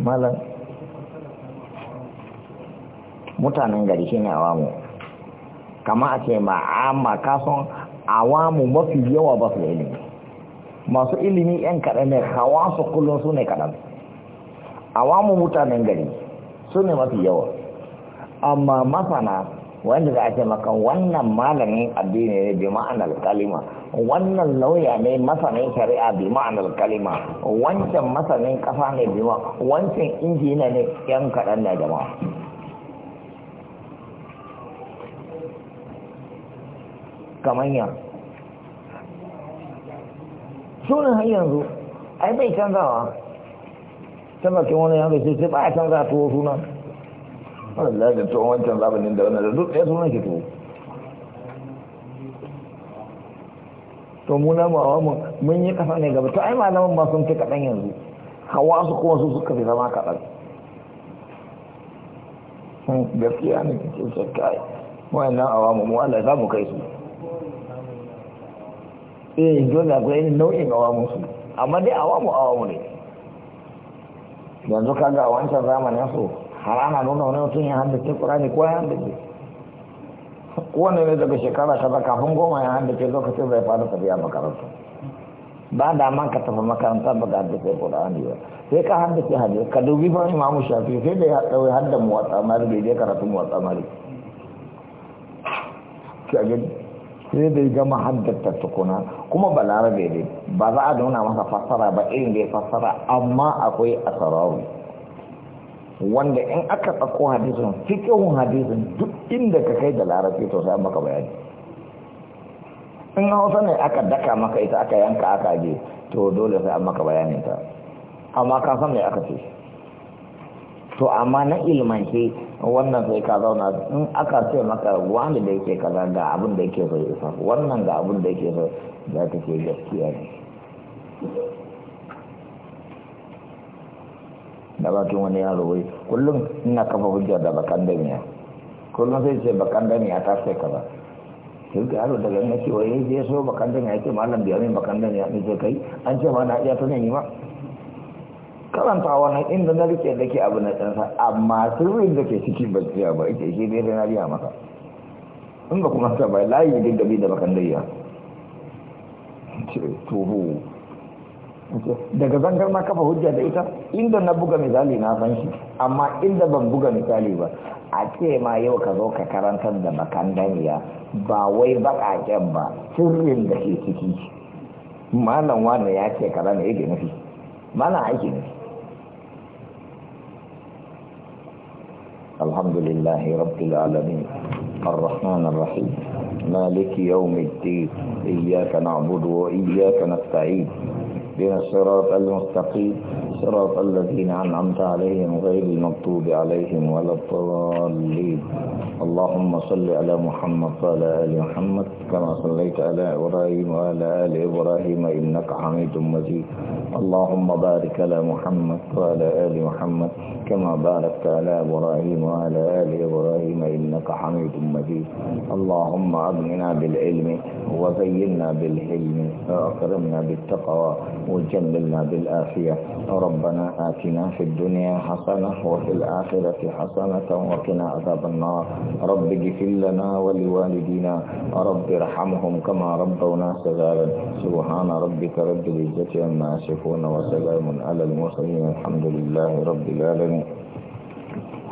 malam mutanen gari shi ne awamu kama a ce ma'amma kasan awamu mafi yawa ba su da ilimi masu ilimi 'yan kaɗa ne hawa su kullum su ne kaɗan awamu mutanen gari su ne mafi yawa amma masana wanda za a ce maka wannan malamin addini ne bi ma'anar kalima wannan lauya ne masanin shari'a bi ma'anar kalima wancan masanin kasa ne bi ma wancan injina ne yan kaɗan na jama'a kamar yan sunan har yanzu ai bai canzawa ta bakin wani yanzu sai ba a canza tuwo sunan wallahi da tuwon wancan zamanin da wannan da duk ɗaya sunan shi tuwo to mu na mawa mu mun yi kafa ne gaba to ai malaman ba sun fi kaɗan yanzu hawa su kuma su suka fi zama kaɗan hmm, gaskiya ne ke so kai wayannan awamu mu Allah za mu kai su eh dole akwai irin nau'in awamu su amma dai awamu awamu ne yanzu kaga a wancan zamanin su har ana nuna wani mutum ya haddace ƙurani ko ya haddace kowane ne daga shekara kaza kafin goma ya haddace lokacin bai fara tafiya makaranta ba da man ka tafi makaranta ba ga haddace ƙurani ba sai ka haddace haddace ka dubi ba imamu shafi sai da ya ɗauki hadda muwatsa mali bai je karatu muwatsa mali sai da gama haddata tukuna kuma balarabe ne ba za a nuna masa fassara ba irin da ya fassara amma akwai asarawi wanda in aka tsako hadisun fikin hadisun duk inda ka kai da larafi to sai maka bayani in hausa ne aka daka maka ita aka yanka aka aje to dole sai an maka bayanin ta amma ka san me aka ce to amma na shi wannan sai ka zauna in aka ce maka wani da yake kaza ga abin da yake so isa wannan ga abin da yake so za ta ce gaskiya ne da bakin wani yaro wai kullum ina kafa hujja da bakan damiya kullum sai ce bakan damiya ta sai ba sai ka yaro daga ina ce wai ya so bakan damiya ya ce malam biya min bakan damiya ne ce kai an ce ma na iya ta ne ma karanta wannan inda na rike da ke abu na tsansa amma sirrin da ke ciki ba tsaya ba ita shi ne na biya maka in ba kuma sa bai layi duk da bi da bakan damiya tuhu daga zangar ma kafa hujja da ita inda na buga misali na san shi amma inda ban buga misali ba a ce ma yau ka zo ka karantar da makandaniya ba wai baƙaƙen ba sirrin da ke ciki malam wanda ya ce kaza ne yake nufi malam aiki ne الحمد لله رب العالمين الرحمن الرحيم مالك يوم الدين إياك نعبد وإياك نستعين اهدنا الصراط المستقيم صراط الذين أنعمت عليهم غير المغضوب عليهم ولا الضالين اللهم صل على محمد وعلى آل محمد كما صليت على إبراهيم وعلى آل إبراهيم إنك حميد مجيد اللهم بارك على محمد وعلى آل محمد كما باركت على إبراهيم وعلى آل إبراهيم إنك حميد مجيد اللهم أغننا بالعلم وزينا بالحلم وأكرمنا بالتقوى وجملنا بالآخية ربنا آتنا في الدنيا حسنة وفي الآخرة حسنة وقنا عذاب النار رب اغفر لنا ولوالدينا رب ارحمهم كما ربونا صغارا سبحان ربك رب العزة عما يصفون وسلام على المرسلين الحمد لله رب العالمين